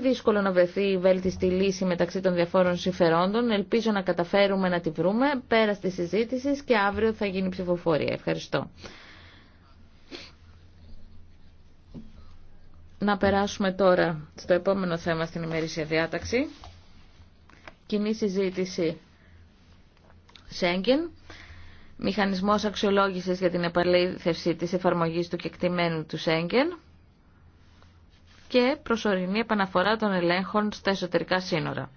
δύσκολο να βρεθεί η βέλτιστη λύση μεταξύ των διαφόρων συμφερόντων. Ελπίζω να καταφέρουμε να τη βρούμε πέρα τη συζήτηση και αύριο θα γίνει ψηφοφορία. Ευχαριστώ. Να περάσουμε τώρα στο επόμενο θέμα στην ημερήσια διάταξη. Κοινή συζήτηση Σέγγεν. Μηχανισμός αξιολόγησης για την επαλήθευση της εφαρμογής του κεκτημένου του Σέγγεν και προσωρινή επαναφορά των ελέγχων στα εσωτερικά σύνορα.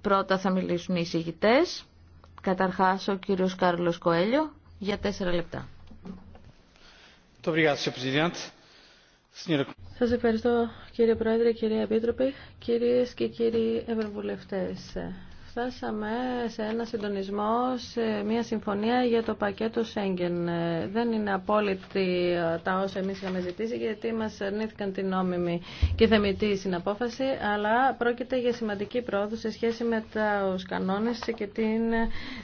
Πρώτα θα μιλήσουν οι εισηγητές. Καταρχάς ο κύριος Κάρλος Κοέλιο για τέσσερα λεπτά. Σας ευχαριστώ κύριε Πρόεδρε, κύριε Επίτροπη, κυρίες και κύριοι Ευρωβουλευτές φτάσαμε σε ένα συντονισμό, σε μια συμφωνία για το πακέτο Σέγγεν. Ε, δεν είναι απόλυτη ε, τα όσα εμείς είχαμε ζητήσει, γιατί μας αρνήθηκαν την νόμιμη και θεμητή συναπόφαση, αλλά πρόκειται για σημαντική πρόοδο σε σχέση με τα κανόνε και την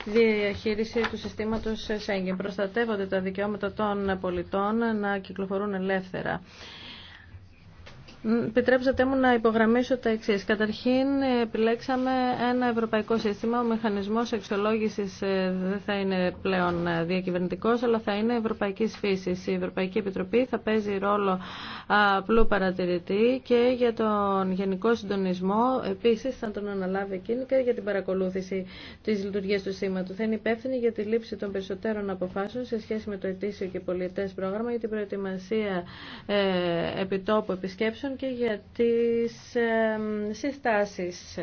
διαχείριση του συστήματος Σέγγεν. Προστατεύονται τα δικαιώματα των πολιτών να κυκλοφορούν ελεύθερα. Επιτρέψατε μου να υπογραμμίσω τα εξή. Καταρχήν, επιλέξαμε ένα ευρωπαϊκό σύστημα. Ο μηχανισμό αξιολόγηση ε, δεν θα είναι πλέον ε, διακυβερνητικό, αλλά θα είναι ευρωπαϊκή φύση. Η Ευρωπαϊκή Επιτροπή θα παίζει ρόλο απλού παρατηρητή και για τον γενικό συντονισμό επίση θα τον αναλάβει εκείνη και για την παρακολούθηση τη λειτουργία του σήματο. Θα είναι υπεύθυνη για τη λήψη των περισσότερων αποφάσεων σε σχέση με το ετήσιο και πολιτέ πρόγραμμα για την προετοιμασία ε, επιτόπου επισκέψεων και για τις συστάσεις.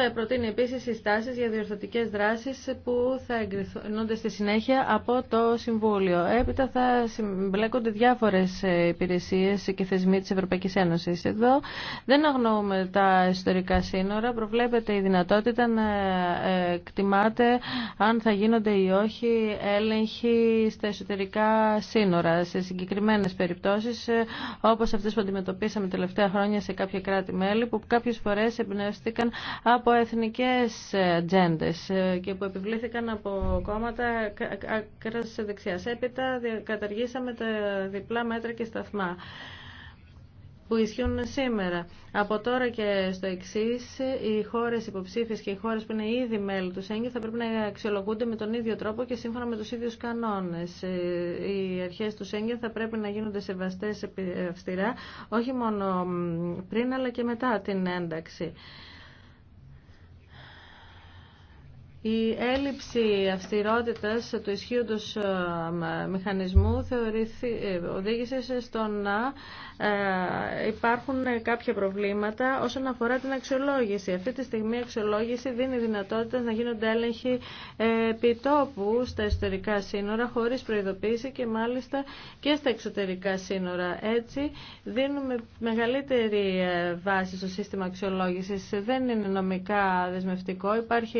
θα προτείνει επίση συστάσει για διορθωτικέ δράσει που θα εγκριθούνται στη συνέχεια από το Συμβούλιο. Έπειτα θα συμπλέκονται διάφορε υπηρεσίε και θεσμοί τη Ευρωπαϊκή Ένωση. Εδώ δεν αγνοούμε τα εσωτερικά σύνορα. Προβλέπεται η δυνατότητα να εκτιμάται αν θα γίνονται ή όχι έλεγχοι στα εσωτερικά σύνορα. Σε συγκεκριμένε περιπτώσει, όπω αυτέ που αντιμετωπίσαμε τελευταία χρόνια σε κάποια κράτη-μέλη που κάποιε φορέ εμπνεύστηκαν από από εθνικές ατζέντε ε, και που επιβλήθηκαν από κόμματα ακράς δεξιάς. Έπειτα καταργήσαμε τα διπλά μέτρα και σταθμά που ισχύουν σήμερα. Από τώρα και στο εξή, οι χώρε υποψήφιε και οι χώρε που είναι ήδη μέλη του ΣΕΝΚΙ θα πρέπει να αξιολογούνται με τον ίδιο τρόπο και σύμφωνα με ε, του ίδιου κανόνε. Οι αρχέ του ΣΕΝΚΙ θα πρέπει να γίνονται σεβαστέ αυστηρά, όχι μόνο πριν αλλά και μετά την ένταξη. Η έλλειψη αυστηρότητας του ισχύοντος ε, μηχανισμού θεωρηθεί, οδήγησε στο να ε, υπάρχουν ε, κάποια προβλήματα όσον αφορά την αξιολόγηση. Αυτή τη στιγμή η αξιολόγηση δίνει δυνατότητα να γίνονται έλεγχοι επιτόπου στα εσωτερικά σύνορα χωρίς προειδοποίηση και μάλιστα και στα εξωτερικά σύνορα. Έτσι δίνουμε μεγαλύτερη βάση στο σύστημα αξιολόγησης. Δεν είναι νομικά δεσμευτικό. Υπάρχει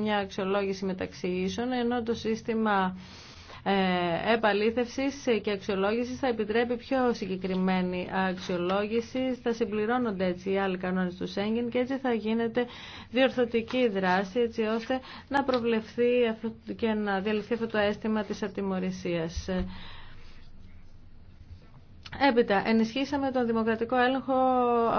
μια αξιολόγηση μεταξύ ίσων, ενώ το σύστημα ε, επαλήθευσης και αξιολόγησης θα επιτρέπει πιο συγκεκριμένη αξιολόγηση. Θα συμπληρώνονται έτσι οι άλλοι κανόνες του Σέγγιν και έτσι θα γίνεται διορθωτική δράση έτσι ώστε να προβλεφθεί και να διαλυθεί αυτό το αίσθημα της ατιμορρησίας. Έπειτα, ενισχύσαμε τον δημοκρατικό έλεγχο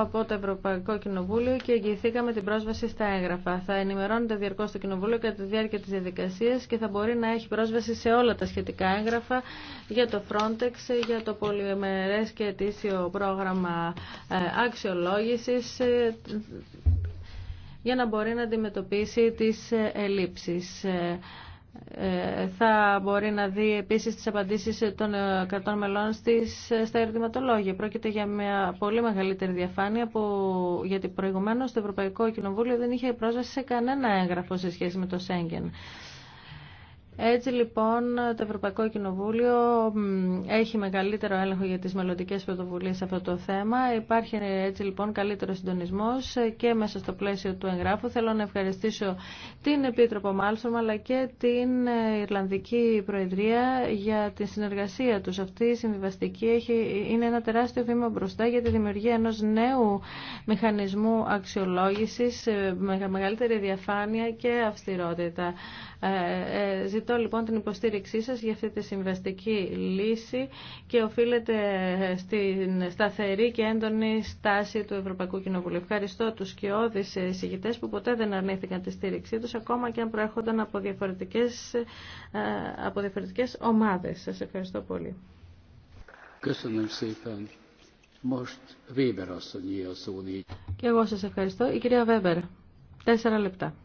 από το Ευρωπαϊκό Κοινοβούλιο και εγγυηθήκαμε την πρόσβαση στα έγγραφα. Θα ενημερώνεται διαρκώ το Κοινοβούλιο κατά τη διάρκεια τη διαδικασία και θα μπορεί να έχει πρόσβαση σε όλα τα σχετικά έγγραφα για το Frontex, για το πολυμερέ και ετήσιο πρόγραμμα ε, αξιολόγηση ε, για να μπορεί να αντιμετωπίσει τις ε, ελλείψεις. Ε, θα μπορεί να δει επίσης τις απαντήσεις των ε, κρατών μελών στις, ε, στα ερωτηματολόγια. Πρόκειται για μια πολύ μεγαλύτερη διαφάνεια που, γιατί προηγουμένως το Ευρωπαϊκό Κοινοβούλιο δεν είχε πρόσβαση σε κανένα έγγραφο σε σχέση με το Σέγγεν. Έτσι λοιπόν το Ευρωπαϊκό Κοινοβούλιο έχει μεγαλύτερο έλεγχο για τις μελλοντικέ πρωτοβουλίες σε αυτό το θέμα. Υπάρχει έτσι λοιπόν καλύτερο συντονισμός και μέσα στο πλαίσιο του εγγράφου. Θέλω να ευχαριστήσω την Επίτροπο Μάλσορμα, αλλά και την ε, Ιρλανδική Προεδρία για τη συνεργασία τους. Αυτή η συμβιβαστική έχει, είναι ένα τεράστιο βήμα μπροστά για τη δημιουργία ενός νέου μηχανισμού αξιολόγησης ε, με μεγαλύτερη διαφάνεια και αυστηρότητα. Ε, ε, ζητώ λοιπόν την υποστήριξή σας για αυτή τη συμβαστική λύση και οφείλεται στην σταθερή και έντονη στάση του Ευρωπαϊκού Κοινοβουλίου. Ευχαριστώ τους σκιώδεις εισηγητές που ποτέ δεν αρνήθηκαν τη στήριξή τους ακόμα και αν προέρχονταν από διαφορετικές, ε, από διαφορετικές ομάδες. Σας ευχαριστώ πολύ. Και εγώ σας ευχαριστώ. Η κυρία Βέμπερ. Τέσσερα λεπτά.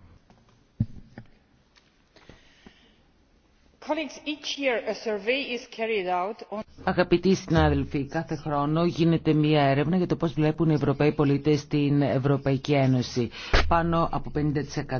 Αγαπητοί συνάδελφοι, κάθε χρόνο γίνεται μία έρευνα για το πώς βλέπουν οι Ευρωπαίοι πολίτες την Ευρωπαϊκή Ένωση. Πάνω από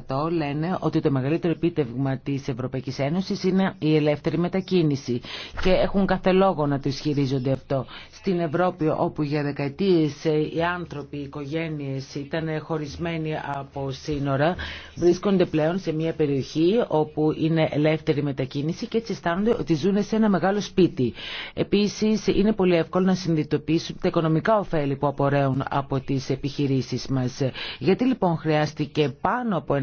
50% λένε ότι το μεγαλύτερο επίτευγμα της Ευρωπαϊκής Ένωσης είναι η ελεύθερη μετακίνηση και έχουν κάθε λόγο να το ισχυρίζονται αυτό. Στην Ευρώπη όπου για δεκαετίες οι άνθρωποι, οι οικογένειες ήταν χωρισμένοι από σύνορα βρίσκονται πλέον σε μία περιοχή όπου είναι ελεύθερη μετακίνηση και έτσι αισθάνονται ότι ζουν σε ένα μεγάλο σπίτι. Επίση, είναι πολύ εύκολο να συνειδητοποιήσουν τα οικονομικά ωφέλη που απορρέουν από τι επιχειρήσει μα. Γιατί λοιπόν χρειάστηκε πάνω από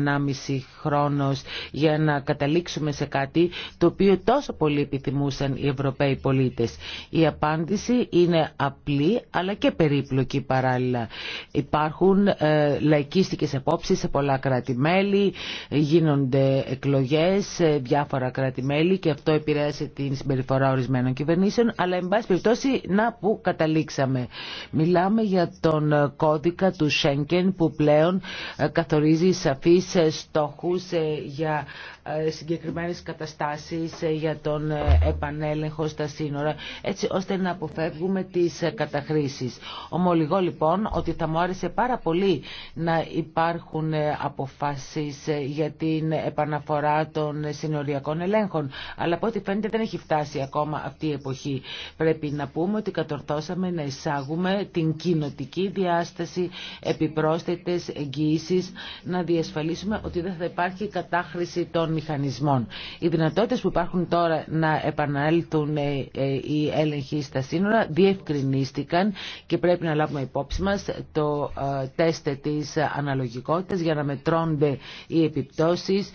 1,5 χρόνο για να καταλήξουμε σε κάτι το οποίο τόσο πολύ επιθυμούσαν οι Ευρωπαίοι πολίτε. Η απάντηση είναι απλή αλλά και περίπλοκη παράλληλα. Υπάρχουν ε, λαϊκίστικες απόψει σε πολλά κράτη-μέλη, γίνονται εκλογέ σε διάφορα κράτη-μέλη και αυτό επηρέασε την συμπεριφορά ορισμένων κυβερνήσεων, αλλά εν πάση περιπτώσει να που καταλήξαμε. Μιλάμε για τον ε, κώδικα του Σέγγεν που πλέον ε, καθορίζει σαφείς ε, στόχους για ε, συγκεκριμένες καταστάσεις ε, για τον ε, επανέλεγχο στα σύνορα, έτσι ώστε να αποφεύγουμε τις καταχρήσεις. Ομολογώ λοιπόν ότι θα μου άρεσε πάρα πολύ να υπάρχουν αποφάσεις για την επαναφορά των συνοριακών ελέγχων, αλλά από ό,τι φαίνεται δεν έχει φτάσει ακόμα αυτή η εποχή. Πρέπει να πούμε ότι κατορθώσαμε να εισάγουμε την κοινοτική διάσταση, επιπρόσθετες εγγύησεις, να διασφαλίσουμε ότι δεν θα υπάρχει κατάχρηση των μηχανισμών. Οι δυνατότητες που υπάρχουν τώρα να επανέλθουν ε, ε, οι έλεγχοι στα σύνορα διευκρινίστηκαν και πρέπει να λάβουμε υπόψη μας το ε, τεστ της αναλογικότητας για να μετρώνται οι επιπτώσεις,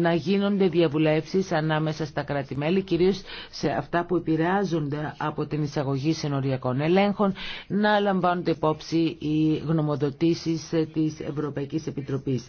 να γίνονται διαβουλεύσεις ανάμεσα στα κράτη-μέλη, κυρίως σε αυτά που επηρεάζονται από την εισαγωγή συνοριακών ελέγχων, να λαμβάνονται υπόψη οι γνωμοδοτήσεις της Ευρωπαϊκής Επιτροπής.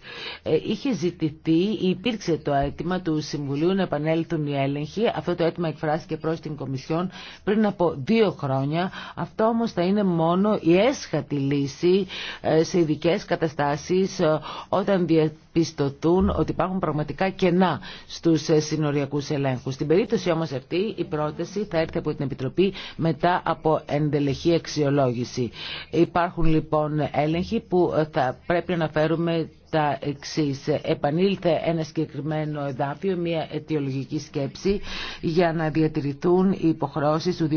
Είχε ζητηθεί, υπήρξε το αίτημα του Συμβουλίου να επανέλθουν οι έλεγχοι. Αυτό το αίτημα εκφράστηκε προ την Κομισιόν πριν από δύο χρόνια. Αυτό όμω θα είναι μόνο η έσχατη λύση ε, σε ειδικέ καταστάσει ε, όταν διαπιστωθούν ότι υπάρχουν πραγματικά κενά στου ε, συνοριακού ελέγχου. Στην περίπτωση όμω αυτή η πρόταση θα έρθει από την Επιτροπή μετά από εντελεχή αξιολόγηση. Υπάρχουν λοιπόν έλεγχοι που θα πρέπει να φέρουμε τα Επανήλθε ένα συγκεκριμένο εδάφιο, μια αιτιολογική σκέψη για να διατηρηθούν οι υποχρεώσει του 2011.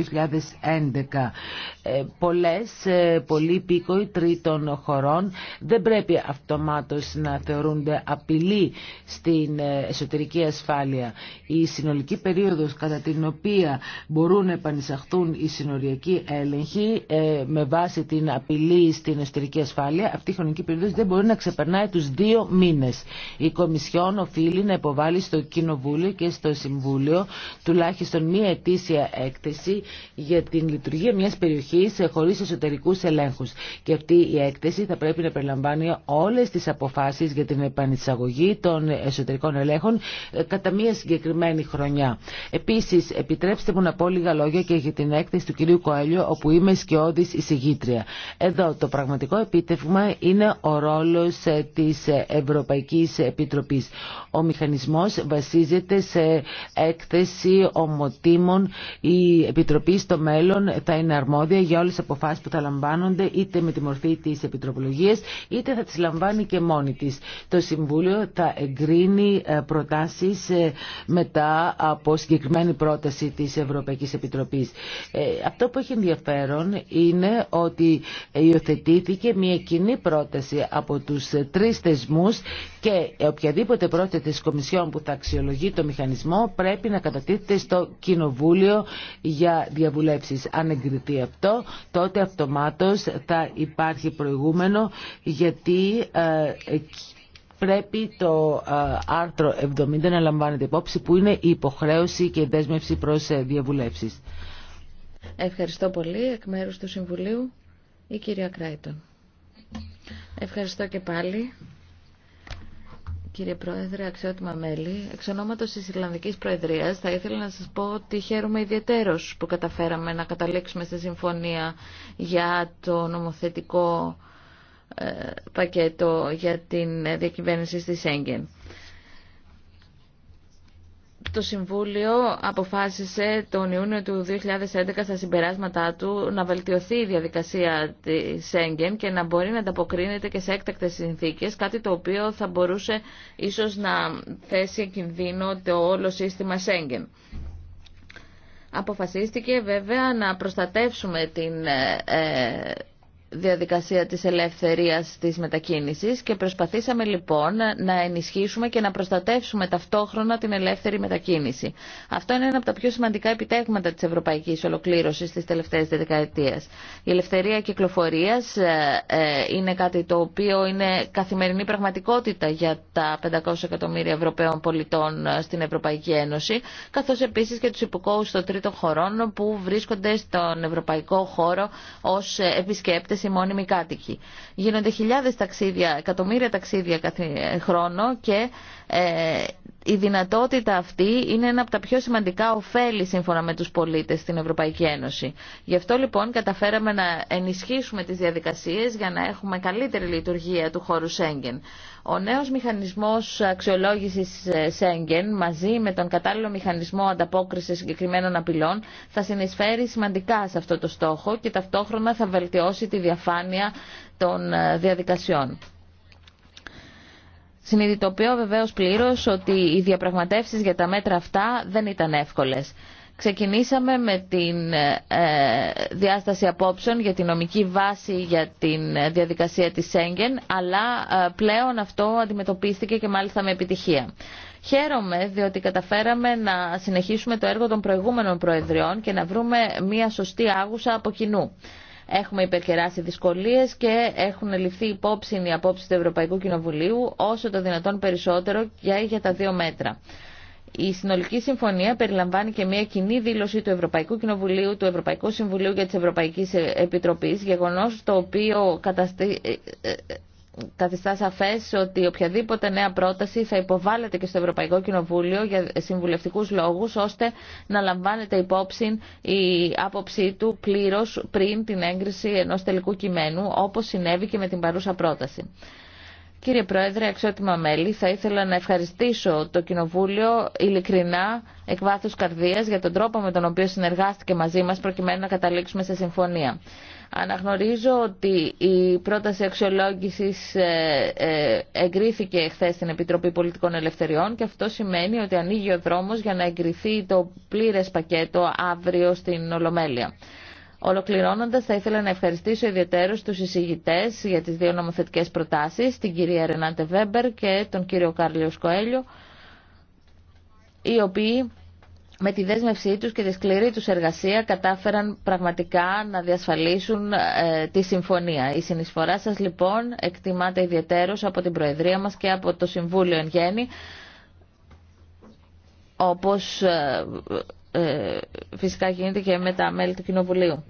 Ε, Πολλέ, ε, πολλοί πήκοοι τρίτων χωρών δεν πρέπει αυτομάτως να θεωρούνται απειλή στην ε, εσωτερική ασφάλεια. Η συνολική περίοδος κατά την οποία μπορούν να επανεισαχθούν οι συνοριακοί έλεγχοι με βάση την απειλή στην εσωτερική ασφάλεια, αυτή η χρονική περίοδος δεν μπορεί να ξεπερνάει του τους δύο μήνες. Η Κομισιόν οφείλει να υποβάλει στο Κοινοβούλιο και στο Συμβούλιο τουλάχιστον μία ετήσια έκθεση για την λειτουργία μιας περιοχής χωρίς εσωτερικούς ελέγχους. Και αυτή η έκθεση θα πρέπει να περιλαμβάνει όλες τις αποφάσεις για την επανεισαγωγή των εσωτερικών ελέγχων ε, κατά μία συγκεκριμένη χρονιά. Επίσης, επιτρέψτε μου να πω λίγα λόγια και για την έκθεση του κυρίου Κοέλιο, όπου είμαι σκιώδης εισηγήτρια. Εδώ το πραγματικό επίτευγμα είναι ο ρόλος ε, της Ευρωπαϊκής Επιτροπής. Ο μηχανισμός βασίζεται σε έκθεση ομοτήμων. Η Επιτροπή στο μέλλον θα είναι αρμόδια για όλες τις αποφάσεις που θα λαμβάνονται είτε με τη μορφή της Επιτροπολογίας είτε θα τις λαμβάνει και μόνη της. Το Συμβούλιο θα εγκρίνει ε, προτάσεις ε, μετά από συγκεκριμένη πρόταση της Ευρωπαϊκής Επιτροπής. Ε, αυτό που έχει ενδιαφέρον είναι ότι υιοθετήθηκε μια κοινή πρόταση από τους τρεις θεσμούς και οποιαδήποτε πρόθεση της Κομισιόν που θα αξιολογεί το μηχανισμό πρέπει να κατατίθεται στο Κοινοβούλιο για διαβουλεύσεις. Αν εγκριθεί αυτό, τότε αυτομάτως θα υπάρχει προηγούμενο γιατί ε, πρέπει το ε, άρθρο 70 να λαμβάνεται υπόψη που είναι η υποχρέωση και η δέσμευση προς ε, διαβουλεύσεις. Ευχαριστώ πολύ εκ μέρους του Συμβουλίου η κυρία Κράιτον. Ευχαριστώ και πάλι. Κύριε Πρόεδρε, αξιότιμα μέλη, εξ ονόματος της Ιρλανδικής Προεδρίας θα ήθελα να σας πω ότι χαίρομαι ιδιαίτερος που καταφέραμε να καταλήξουμε στη συμφωνία για το νομοθετικό ε, πακέτο για την διακυβέρνηση στη Σέγγεν το Συμβούλιο αποφάσισε τον Ιούνιο του 2011 στα συμπεράσματά του να βελτιωθεί η διαδικασία της Σέγγεν και να μπορεί να ανταποκρίνεται και σε έκτακτες συνθήκες, κάτι το οποίο θα μπορούσε ίσως να θέσει κινδύνο το όλο σύστημα Σέγγεν. Αποφασίστηκε βέβαια να προστατεύσουμε την ε, διαδικασία της ελευθερίας της μετακίνησης και προσπαθήσαμε λοιπόν να ενισχύσουμε και να προστατεύσουμε ταυτόχρονα την ελεύθερη μετακίνηση. Αυτό είναι ένα από τα πιο σημαντικά επιτέγματα της ευρωπαϊκής ολοκλήρωσης της τελευταίας δεκαετίας. Η ελευθερία κυκλοφορίας ε, ε, είναι κάτι το οποίο είναι καθημερινή πραγματικότητα για τα 500 εκατομμύρια Ευρωπαίων πολιτών ε, στην Ευρωπαϊκή Ένωση, καθώς επίσης και τους υπηκόους των τρίτων χωρών που βρίσκονται στον ευρωπαϊκό χώρο ως επισκέπτες οι μόνιμοι κάτοικοι. Γίνονται χιλιάδες ταξίδια, εκατομμύρια ταξίδια κάθε χρόνο και ε, η δυνατότητα αυτή είναι ένα από τα πιο σημαντικά ωφέλη σύμφωνα με τους πολίτες στην Ευρωπαϊκή Ένωση. Γι' αυτό λοιπόν καταφέραμε να ενισχύσουμε τις διαδικασίες για να έχουμε καλύτερη λειτουργία του χώρου Σέγγεν. Ο νέος μηχανισμός αξιολόγησης ε, Σέγγεν μαζί με τον κατάλληλο μηχανισμό ανταπόκρισης συγκεκριμένων απειλών θα συνεισφέρει σημαντικά σε αυτό το στόχο και ταυτόχρονα θα βελτιώσει τη διαφάνεια των ε, διαδικασιών. Συνειδητοποιώ βεβαίως πλήρως ότι οι διαπραγματεύσει για τα μέτρα αυτά δεν ήταν εύκολες. Ξεκινήσαμε με τη ε, διάσταση απόψεων για τη νομική βάση για τη ε, διαδικασία της Σέγγεν, αλλά ε, πλέον αυτό αντιμετωπίστηκε και μάλιστα με επιτυχία. Χαίρομαι διότι καταφέραμε να συνεχίσουμε το έργο των προηγούμενων προεδριών και να βρούμε μια σωστή άγουσα από κοινού. Έχουμε υπερκεράσει δυσκολίες και έχουν ληφθεί υπόψη οι απόψει του Ευρωπαϊκού Κοινοβουλίου όσο το δυνατόν περισσότερο για, για τα δύο μέτρα. Η συνολική συμφωνία περιλαμβάνει και μια κοινή δήλωση του Ευρωπαϊκού Κοινοβουλίου, του Ευρωπαϊκού Συμβουλίου και τη Ευρωπαϊκή Επιτροπή, γεγονό το οποίο καταστη... Ε, ε, ε, καθιστά σαφέ ότι οποιαδήποτε νέα πρόταση θα υποβάλλεται και στο Ευρωπαϊκό Κοινοβούλιο για συμβουλευτικού λόγου, ώστε να λαμβάνεται υπόψη η άποψή του πλήρω πριν την έγκριση ενό τελικού κειμένου, όπω συνέβη και με την παρούσα πρόταση. Κύριε Πρόεδρε, αξιότιμα μέλη, θα ήθελα να ευχαριστήσω το Κοινοβούλιο ειλικρινά εκ βάθους καρδίας για τον τρόπο με τον οποίο συνεργάστηκε μαζί μας προκειμένου να καταλήξουμε σε συμφωνία. Αναγνωρίζω ότι η πρόταση αξιολόγηση ε, ε, εγκρίθηκε χθε στην Επιτροπή Πολιτικών Ελευθεριών και αυτό σημαίνει ότι ανοίγει ο δρόμο για να εγκριθεί το πλήρε πακέτο αύριο στην Ολομέλεια. Ολοκληρώνοντα, θα ήθελα να ευχαριστήσω ιδιαίτερω του εισηγητέ για τι δύο νομοθετικέ προτάσει, την κυρία Ρενάντε Βέμπερ και τον κύριο Κάρλιο Σκοέλιο, οι οποίοι με τη δέσμευσή τους και τη σκληρή τους εργασία κατάφεραν πραγματικά να διασφαλίσουν ε, τη συμφωνία. Η συνεισφορά σας λοιπόν εκτιμάται ιδιαίτερως από την Προεδρία μας και από το Συμβούλιο εν γέννη, όπως ε, ε, φυσικά γίνεται και με τα μέλη του Κοινοβουλίου.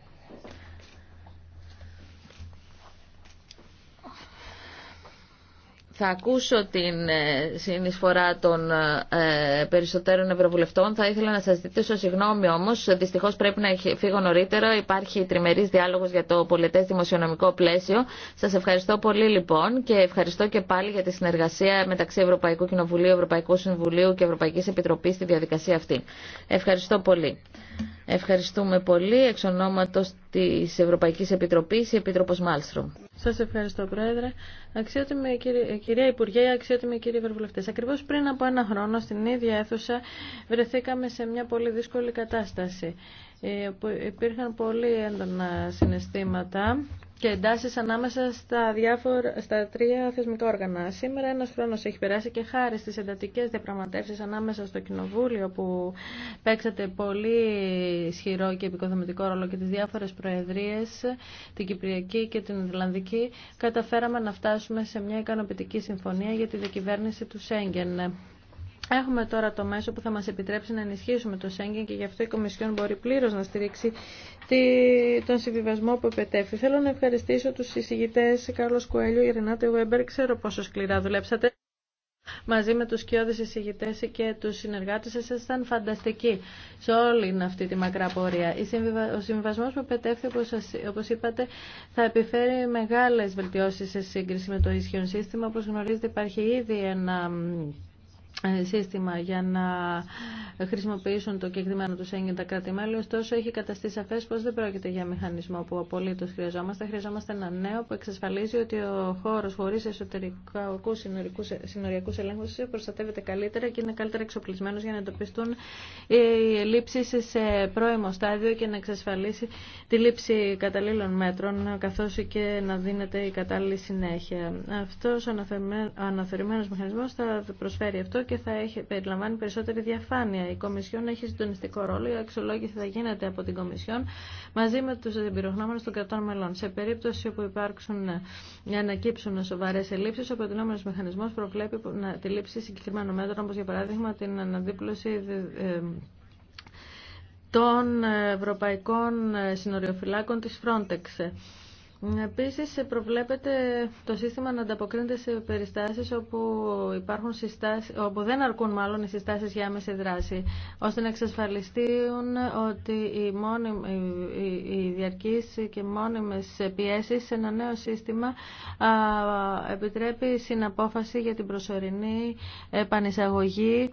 Θα ακούσω την ε, συνεισφορά των ε, περισσότερων ευρωβουλευτών. Θα ήθελα να σας ζητήσω συγγνώμη όμως. Δυστυχώς πρέπει να φύγω νωρίτερα. Υπάρχει τριμερής διάλογος για το πολιτές δημοσιονομικό πλαίσιο. Σας ευχαριστώ πολύ λοιπόν και ευχαριστώ και πάλι για τη συνεργασία μεταξύ Ευρωπαϊκού Κοινοβουλίου, Ευρωπαϊκού Συμβουλίου και Ευρωπαϊκής Επιτροπής στη διαδικασία αυτή. Ευχαριστώ πολύ. Ευχαριστούμε πολύ εξ ονόματος της Ευρωπαϊκής Επιτροπής, η Επίτροπος Μάλστρομ. Σας ευχαριστώ Πρόεδρε. Αξιότιμη, η ε, κυρία Υπουργέ, αξιότιμη κύριε Βερβουλευτές. Ακριβώς πριν από ένα χρόνο στην ίδια αίθουσα βρεθήκαμε σε μια πολύ δύσκολη κατάσταση. Ε, υπήρχαν πολύ έντονα συναισθήματα και εντάσεις ανάμεσα στα, διάφορα, στα τρία θεσμικά όργανα. Σήμερα ένας χρόνος έχει περάσει και χάρη στις εντατικές διαπραγματεύσεις ανάμεσα στο Κοινοβούλιο που παίξατε πολύ ισχυρό και επικοδομητικό ρόλο και τις διάφορες προεδρίες, την Κυπριακή και την Ιρλανδική, καταφέραμε να φτάσουμε σε μια ικανοποιητική συμφωνία για τη διακυβέρνηση του Σέγγεν. Έχουμε τώρα το μέσο που θα μας επιτρέψει να ενισχύσουμε το Σέγγεν και γι' αυτό η Κομισιόν μπορεί πλήρως να στηρίξει τον συμβιβασμό που επετέφει. Θέλω να ευχαριστήσω τους συζητητές Κάρλος Κουέλιο και Ρενάτε Βέμπερ. Ξέρω πόσο σκληρά δουλέψατε. Μαζί με τους κοιόδες εισηγητές και τους συνεργάτες σας ήταν φανταστικοί σε όλη αυτή τη μακρά πορεία. Ο συμβιβασμός που πετέφθη, όπως είπατε, θα επιφέρει μεγάλες βελτιώσεις σε σύγκριση με το ίσχυον σύστημα. Όπως γνωρίζετε υπάρχει ήδη ένα ε, σύστημα για να χρησιμοποιήσουν το κεκτημένο του Σέγγεν τα κράτη-μέλη. Ωστόσο, έχει καταστεί σαφέ πω δεν πρόκειται για μηχανισμό που απολύτω χρειαζόμαστε. Χρειαζόμαστε ένα νέο που εξασφαλίζει ότι ο χώρο χωρί εσωτερικού συνοριακού ελέγχου προστατεύεται καλύτερα και είναι καλύτερα εξοπλισμένο για να εντοπιστούν οι ελλείψει σε πρώιμο στάδιο και να εξασφαλίσει τη λήψη καταλήλων μέτρων, καθώ και να δίνεται η κατάλληλη συνέχεια. Αυτό ο αναθεωρημένο μηχανισμό θα προσφέρει αυτό και θα έχει, περιλαμβάνει περισσότερη διαφάνεια. Η Κομισιόν έχει συντονιστικό ρόλο, η αξιολόγηση θα γίνεται από την Κομισιόν μαζί με τους εμπειρογνώμενου των κρατών μελών. Σε περίπτωση που υπάρξουν ε, ανακύψουν σοβαρές ελλείψεις, ο προτινόμενο μηχανισμός προβλέπει τη λήψη συγκεκριμένων μέτρων, όπω για παράδειγμα την αναδίπλωση ε, ε, των ευρωπαϊκών συνοριοφυλάκων της Frontex. Επίση, προβλέπεται το σύστημα να ανταποκρίνεται σε περιστάσεις όπου, υπάρχουν συστάσεις, όπου δεν αρκούν μάλλον οι συστάσεις για άμεση δράση, ώστε να εξασφαλιστεί ότι οι, μόνοι, οι διαρκείς και μόνιμε πιέσει σε ένα νέο σύστημα επιτρέπει συναπόφαση για την προσωρινή επανεισαγωγή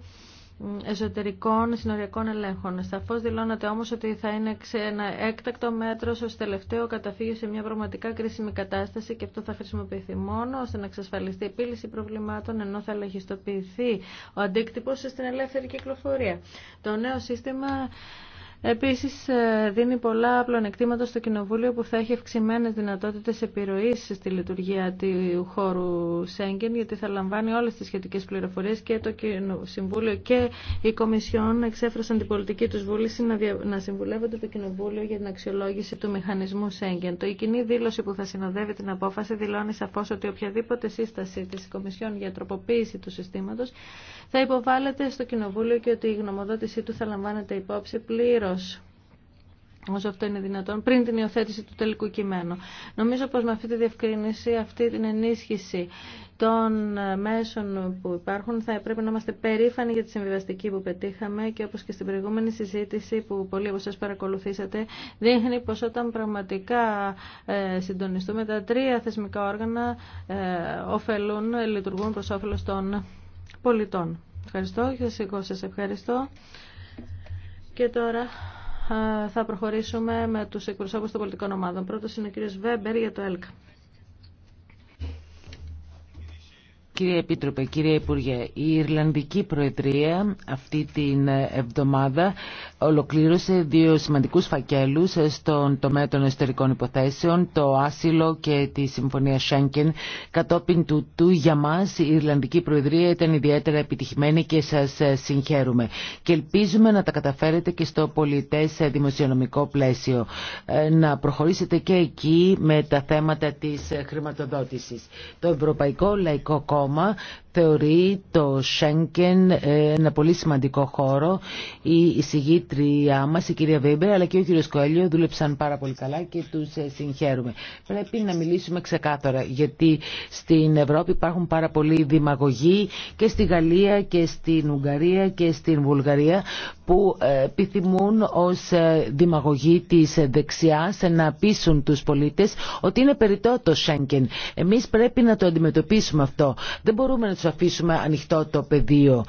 εσωτερικών συνοριακών ελέγχων. Σταφώ δηλώνατε όμω ότι θα είναι ένα έκτακτο μέτρο ω τελευταίο καταφύγιο σε μια πραγματικά κρίσιμη κατάσταση και αυτό θα χρησιμοποιηθεί μόνο ώστε να εξασφαλιστεί η επίλυση προβλημάτων ενώ θα ελεγχιστοποιηθεί ο αντίκτυπο στην ελεύθερη κυκλοφορία. Το νέο σύστημα Επίση, ε, δίνει πολλά πλονεκτήματα στο Κοινοβούλιο που θα έχει αυξημένε δυνατότητε επιρροή στη λειτουργία του χώρου Σέγγεν γιατί θα λαμβάνει όλε τι σχετικέ πληροφορίε και το Συμβούλιο και η Κομισιόν εξέφρασαν την πολιτική του βούληση να, να συμβουλεύονται το Κοινοβούλιο για την αξιολόγηση του μηχανισμού Σέγγεν. Το η κοινή δήλωση που θα συνοδεύει την απόφαση δηλώνει σαφώ ότι οποιαδήποτε σύσταση τη Κομισιόν για τροποποίηση του συστήματο, θα υποβάλλεται στο Κοινοβούλιο και ότι η γνωμοδότησή του θα λαμβάνεται υπόψη πλήρω όσο αυτό είναι δυνατόν, πριν την υιοθέτηση του τελικού κειμένου. Νομίζω πως με αυτή τη διευκρίνηση, αυτή την ενίσχυση των ε, μέσων που υπάρχουν θα πρέπει να είμαστε περήφανοι για τη συμβιβαστική που πετύχαμε και όπως και στην προηγούμενη συζήτηση που πολλοί από σας παρακολουθήσατε δείχνει πως όταν πραγματικά ε, συντονιστούμε τα τρία θεσμικά όργανα ε, ωφελούν, λειτουργούν προς όφελος των πολιτών. Ευχαριστώ και εγώ σας ευχαριστώ. Και τώρα θα προχωρήσουμε με τους εκπροσώπους των πολιτικών ομάδων. Πρώτος είναι ο κύριος Βέμπερ για το ΕΛΚΑ. Κύριε Επίτροπε, κύριε Υπουργέ, η Ιρλανδική Προεδρία αυτή την εβδομάδα ολοκλήρωσε δύο σημαντικούς φακέλους στον τομέα των εσωτερικών υποθέσεων, το άσυλο και τη Συμφωνία Σέγγεν. Κατόπιν του, του για μας η Ιρλανδική Προεδρία ήταν ιδιαίτερα επιτυχημένη και σας συγχαίρουμε. Και ελπίζουμε να τα καταφέρετε και στο πολιτές δημοσιονομικό πλαίσιο. Ε, να προχωρήσετε και εκεί με τα θέματα της χρηματοδότησης. Το Ευρωπαϊκό Λαϊκό ακόμα θεωρεί το Σέγγεν ε, ένα πολύ σημαντικό χώρο. Η εισηγήτριά μα, η κυρία Βέμπερ, αλλά και ο κύριο Κοέλιο δούλεψαν πάρα πολύ καλά και του ε, συγχαίρουμε. Πρέπει να μιλήσουμε ξεκάθαρα, γιατί στην Ευρώπη υπάρχουν πάρα πολλοί δημαγωγοί και στη Γαλλία και στην Ουγγαρία και στην Βουλγαρία που ε, επιθυμούν ως δημαγωγοί τη δεξιάς να πείσουν τους πολίτε ότι είναι περιττό το Σέγγεν. Εμείς πρέπει να το αντιμετωπίσουμε αυτό. Δεν μπορούμε να του αφήσουμε ανοιχτό το πεδίο.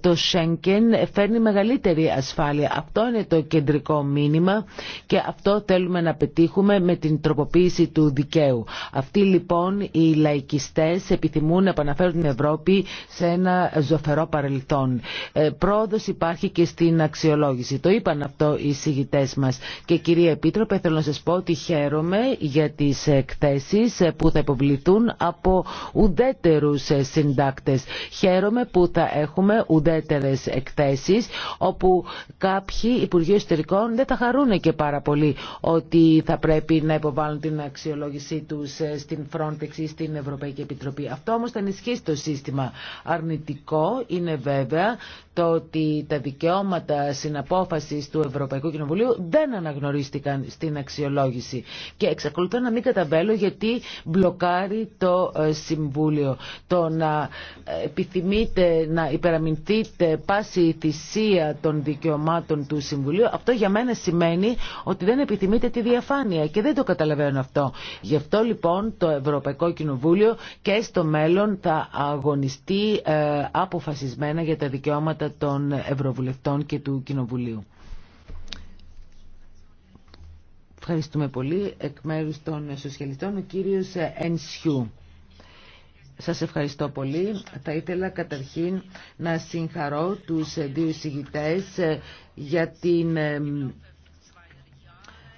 Το Σέγγεν φέρνει μεγαλύτερη ασφάλεια. Αυτό είναι το κεντρικό μήνυμα και αυτό θέλουμε να πετύχουμε με την τροποποίηση του δικαίου. Αυτοί λοιπόν οι λαϊκιστές επιθυμούν να επαναφέρουν την Ευρώπη σε ένα ζωφερό παρελθόν. Ε, πρόοδος υπάρχει και στην αξιολόγηση. Το είπαν αυτό οι συγητές μας. Και κυρία Επίτροπε θέλω να σας πω ότι χαίρομαι για τις εκθέσεις που θα υποβληθούν από ουδέτερους συντάκτες. Χαίρομαι που θα έχουμε ουδέτερες εκθέσεις όπου κάποιοι Υπουργοί Εσωτερικών δεν θα χαρούν και πάρα πολύ ότι θα πρέπει να υποβάλουν την αξιολόγησή τους ε, στην Frontex ή στην Ευρωπαϊκή Επιτροπή. Αυτό όμως θα ενισχύσει το σύστημα. Αρνητικό είναι βέβαια το ότι τα δικαιώματα συναπόφασης του Ευρωπαϊκού Κοινοβουλίου δεν αναγνωρίστηκαν στην αξιολόγηση. Και εξακολουθώ να μην καταβέλω γιατί μπλοκάρει το ε, Συμβούλιο. Το να επιθυμείτε να υπεραμεινθείτε πάση θυσία των δικαιωμάτων του Συμβουλίου, αυτό για μένα σημαίνει ότι δεν επιθυμείτε τη διαφάνεια και δεν το καταλαβαίνω αυτό. Γι' αυτό λοιπόν το Ευρωπαϊκό Κοινοβούλιο και στο μέλλον θα αγωνιστεί ε, αποφασισμένα για τα δικαιώματα των Ευρωβουλευτών και του Κοινοβουλίου. Ευχαριστούμε πολύ. Εκ μέρους των Σοσιαλιστών, ο κύριος Ενσιού. Σας ευχαριστώ πολύ. Θα ήθελα καταρχήν να συγχαρώ τους δύο εισηγητές ε, για την ε,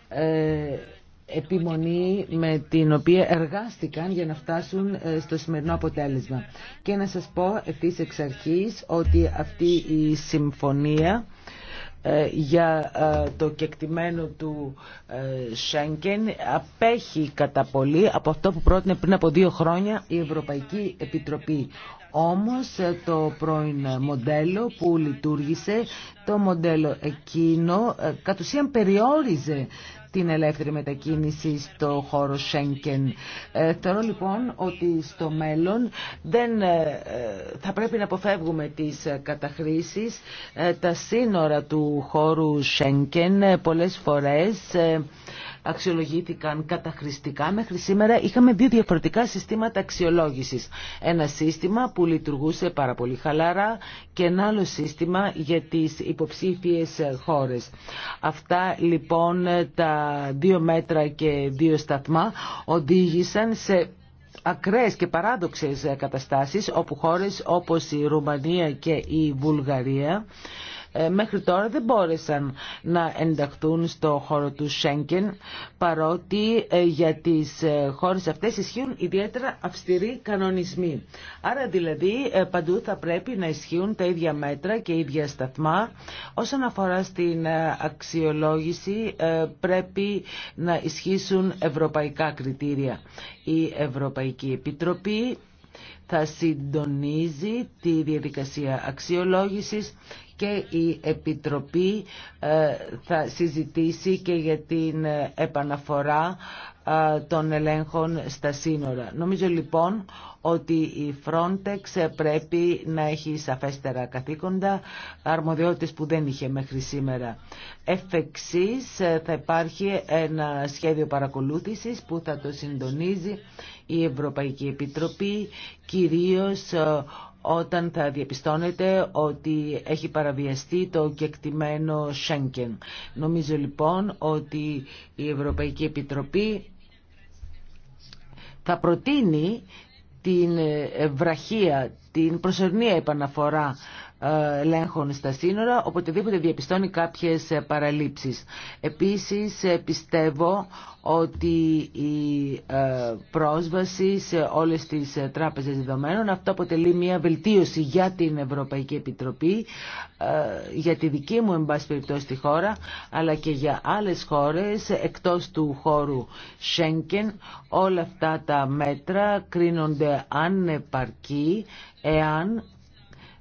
ε, επιμονή με την οποία εργάστηκαν για να φτάσουν στο σημερινό αποτέλεσμα. Και να σας πω ευθύς εξ αρχής ότι αυτή η συμφωνία ε, για ε, το κεκτημένο του ε, Σέγγεν απέχει κατά πολύ από αυτό που πρότεινε πριν από δύο χρόνια η Ευρωπαϊκή Επιτροπή. Όμως το πρώην μοντέλο που λειτουργήσε, το μοντέλο εκείνο κατ' ουσίαν περιόριζε την ελεύθερη μετακίνηση στο χώρο Σέγγεν. Ε, θεωρώ λοιπόν ότι στο μέλλον δεν ε, ε, θα πρέπει να αποφεύγουμε τις καταχρήσεις. Τα σύνορα του χώρου Σέγγεν πολλές φορές αξιολογήθηκαν καταχρηστικά. Μέχρι σήμερα είχαμε δύο διαφορετικά συστήματα αξιολόγησης. Ένα σύστημα που λειτουργούσε πάρα πολύ χαλάρα και ένα άλλο σύστημα για τις υποψήφιες χώρες. Αυτά λοιπόν τα δύο μέτρα και δύο σταθμά οδήγησαν σε ακραίες και παράδοξες καταστάσεις όπου χώρες όπως η Ρουμανία και η Βουλγαρία ε, μέχρι τώρα δεν μπόρεσαν να ενταχθούν στο χώρο του Σέγγεν παρότι ε, για τις ε, χώρες αυτές ισχύουν ιδιαίτερα αυστηροί κανονισμοί. Άρα δηλαδή παντού θα πρέπει να ισχύουν τα ίδια μέτρα και ίδια σταθμά. Όσον αφορά στην αξιολόγηση πρέπει να ισχύσουν ευρωπαϊκά κριτήρια. Η Ευρωπαϊκή Επιτροπή θα συντονίζει τη διαδικασία αξιολόγησης και η Επιτροπή ε, θα συζητήσει και για την ε, επαναφορά ε, των ελέγχων στα σύνορα. Νομίζω λοιπόν ότι η Frontex πρέπει να έχει σαφέστερα καθήκοντα, αρμοδιότητες που δεν είχε μέχρι σήμερα. Εφ' θα υπάρχει ένα σχέδιο παρακολούθησης που θα το συντονίζει η Ευρωπαϊκή Επιτροπή, κυρίως όταν θα διαπιστώνεται ότι έχει παραβιαστεί το κεκτημένο Σέγγεν. Νομίζω λοιπόν ότι η Ευρωπαϊκή Επιτροπή θα προτείνει την ε, βραχία, την προσωρινή επαναφορά ελέγχων στα σύνορα, οποτεδήποτε διαπιστώνει κάποιες παραλήψεις. Επίσης ε, πιστεύω ότι η ε, πρόσβαση σε όλες τις ε, τράπεζες δεδομένων αυτό αποτελεί μια βελτίωση για την Ευρωπαϊκή Επιτροπή για τη δική μου εν πάση περιπτώσει τη χώρα αλλά και για άλλες χώρες εκτός του χώρου Schengen όλα αυτά τα μέτρα κρίνονται ανεπαρκή εάν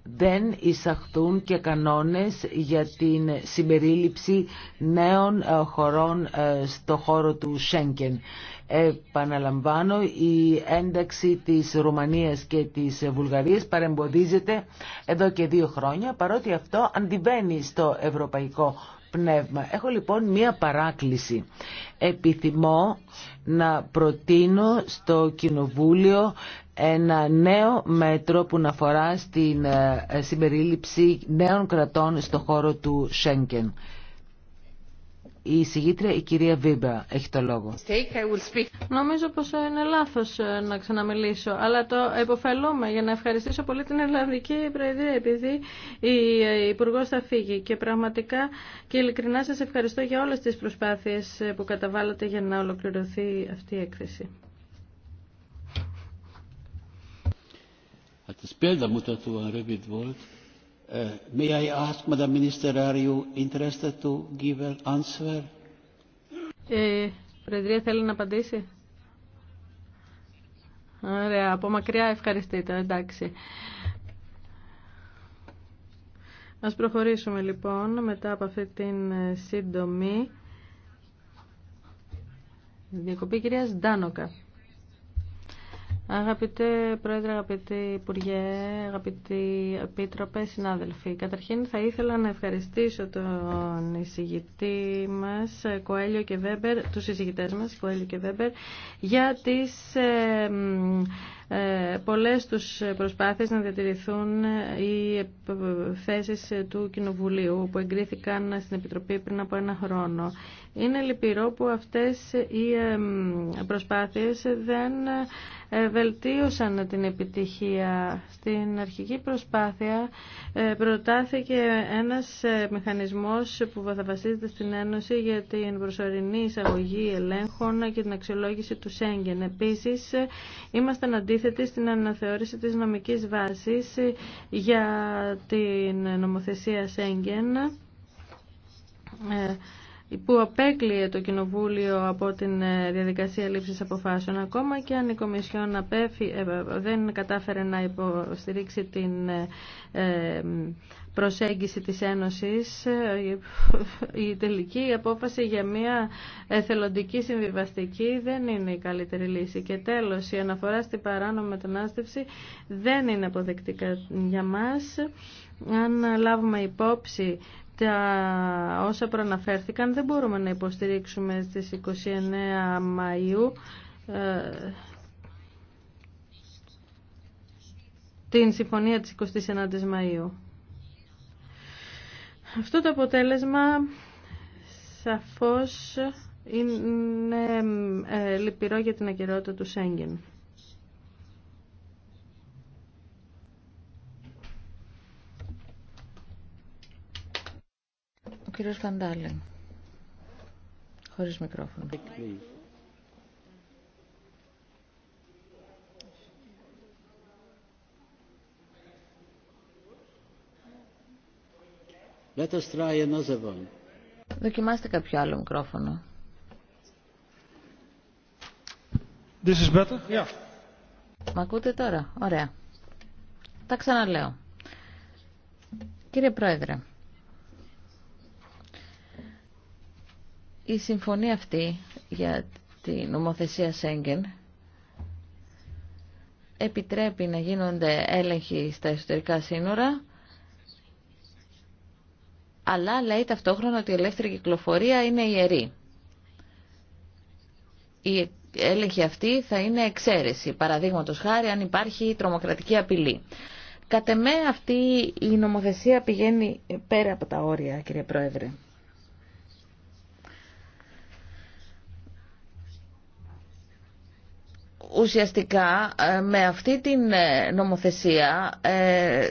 δεν εισαχθούν και κανόνες για την συμπερίληψη νέων ε, χωρών ε, στο χώρο του Σέγκεν. Επαναλαμβάνω, η ένταξη της Ρουμανίας και της Βουλγαρίας παρεμποδίζεται εδώ και δύο χρόνια, παρότι αυτό αντιβαίνει στο ευρωπαϊκό πνεύμα. Έχω λοιπόν μία παράκληση. Επιθυμώ να προτείνω στο Κοινοβούλιο ένα νέο μέτρο που να αφορά στην ε, συμπερίληψη νέων κρατών στο χώρο του Σέγγεν. Η συγγήτρια, η κυρία Βίμπα, έχει το λόγο. Νομίζω πως είναι λάθος ε, να ξαναμιλήσω, αλλά το υποφελούμε για να ευχαριστήσω πολύ την Ελλαδική Προεδρία, επειδή η ε, Υπουργό θα φύγει. Και πραγματικά και ειλικρινά σας ευχαριστώ για όλες τις προσπάθειες που καταβάλλατε για να ολοκληρωθεί αυτή η έκθεση. hát äh, ε, θέλει να απαντήσει. Ωραία, από μακριά ευχαριστείτε, εντάξει. Ας προχωρήσουμε λοιπόν μετά από αυτή την ε, σύντομη διακοπή κυρίας Ντάνοκα. Αγαπητέ Πρόεδρε, αγαπητοί Υπουργέ, αγαπητοί Επίτροπε, συνάδελφοι, καταρχήν θα ήθελα να ευχαριστήσω τον εισηγητή μας, Κοέλιο και Βέμπερ, τους εισηγητές μας, Κοέλιο και Βέμπερ, για τις ε, ε, πολλές τους προσπάθειες να διατηρηθούν οι θέσεις του Κοινοβουλίου που εγκρίθηκαν στην Επιτροπή πριν από ένα χρόνο. Είναι λυπηρό που αυτές οι προσπάθειες δεν ε, βελτίωσαν την επιτυχία. Στην αρχική προσπάθεια ε, προτάθηκε ένας μηχανισμός που θα βασίζεται στην Ένωση για την προσωρινή εισαγωγή ελέγχων και την αξιολόγηση του Σέγγεν. Επίσης, ήμασταν αντίθετοι αντίθετη στην αναθεώρηση της νομικής βάσης για την νομοθεσία Σέγγεν ε, που απέκλειε το Κοινοβούλιο από την ε, διαδικασία λήψης αποφάσεων ακόμα και αν η Κομισιόν απέφυ, ε, δεν κατάφερε να υποστηρίξει την προσέγγιση της Ένωσης η τελική απόφαση για μια εθελοντική συμβιβαστική δεν είναι η καλύτερη λύση και τέλος η αναφορά στην παράνομη μετανάστευση δεν είναι αποδεκτικά για μας αν λάβουμε υπόψη τα όσα προαναφέρθηκαν δεν μπορούμε να υποστηρίξουμε στις 29 Μαΐου ε, την συμφωνία της 29 Μαΐου. Αυτό το αποτέλεσμα σαφώς είναι ε, λυπηρό για την ακαιρεότητα του Σέγγεν. Ο κύριος Βαντάλεν, χωρίς μικρόφωνο. Let us try another one. Δοκιμάστε κάποιο άλλο μικρόφωνο. This is better. Yeah. Μ' ακούτε τώρα. Ωραία. Τα ξαναλέω. Κύριε Πρόεδρε, η συμφωνία αυτή για την νομοθεσία Σέγγεν επιτρέπει να γίνονται έλεγχοι στα εσωτερικά σύνορα αλλά λέει ταυτόχρονα ότι η ελεύθερη κυκλοφορία είναι ιερή. Η έλεγχη αυτή θα είναι εξαίρεση, παραδείγματος χάρη αν υπάρχει τρομοκρατική απειλή. Κατ' εμέ αυτή η νομοθεσία πηγαίνει πέρα από τα όρια, κύριε Πρόεδρε. ουσιαστικά ε, με αυτή την ε, νομοθεσία ε,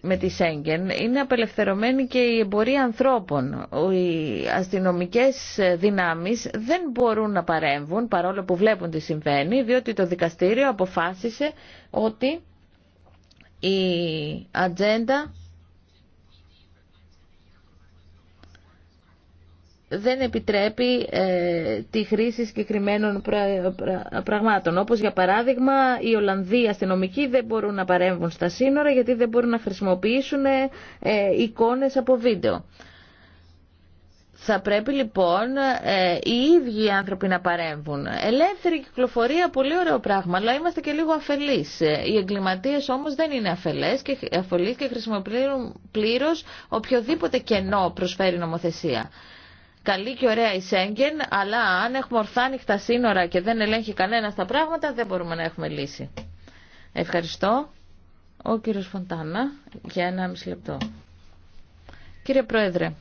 με τη Σέγγεν είναι απελευθερωμένη και η εμπορία ανθρώπων. Οι αστυνομικές δυνάμεις δεν μπορούν να παρέμβουν παρόλο που βλέπουν τι συμβαίνει διότι το δικαστήριο αποφάσισε ότι η ατζέντα δεν επιτρέπει ε, τη χρήση συγκεκριμένων πραγμάτων. Όπως για παράδειγμα οι Ολλανδοί αστυνομικοί δεν μπορούν να παρέμβουν στα σύνορα γιατί δεν μπορούν να χρησιμοποιήσουν ε, ε εικόνες από βίντεο. Θα πρέπει λοιπόν ε, οι ίδιοι οι άνθρωποι να παρέμβουν. Ελεύθερη κυκλοφορία, πολύ ωραίο πράγμα, αλλά είμαστε και λίγο αφελείς. Οι εγκληματίες όμως δεν είναι αφελές και, αφελείς και χρησιμοποιούν πλήρως οποιοδήποτε κενό προσφέρει νομοθεσία. Καλή και ωραία η Σέγγεν, αλλά αν έχουμε ορθά ανοιχτά σύνορα και δεν ελέγχει κανένα τα πράγματα, δεν μπορούμε να έχουμε λύση. Ευχαριστώ. Ο κύριος Φοντάνα για ένα μισή λεπτό. Κύριε Πρόεδρε,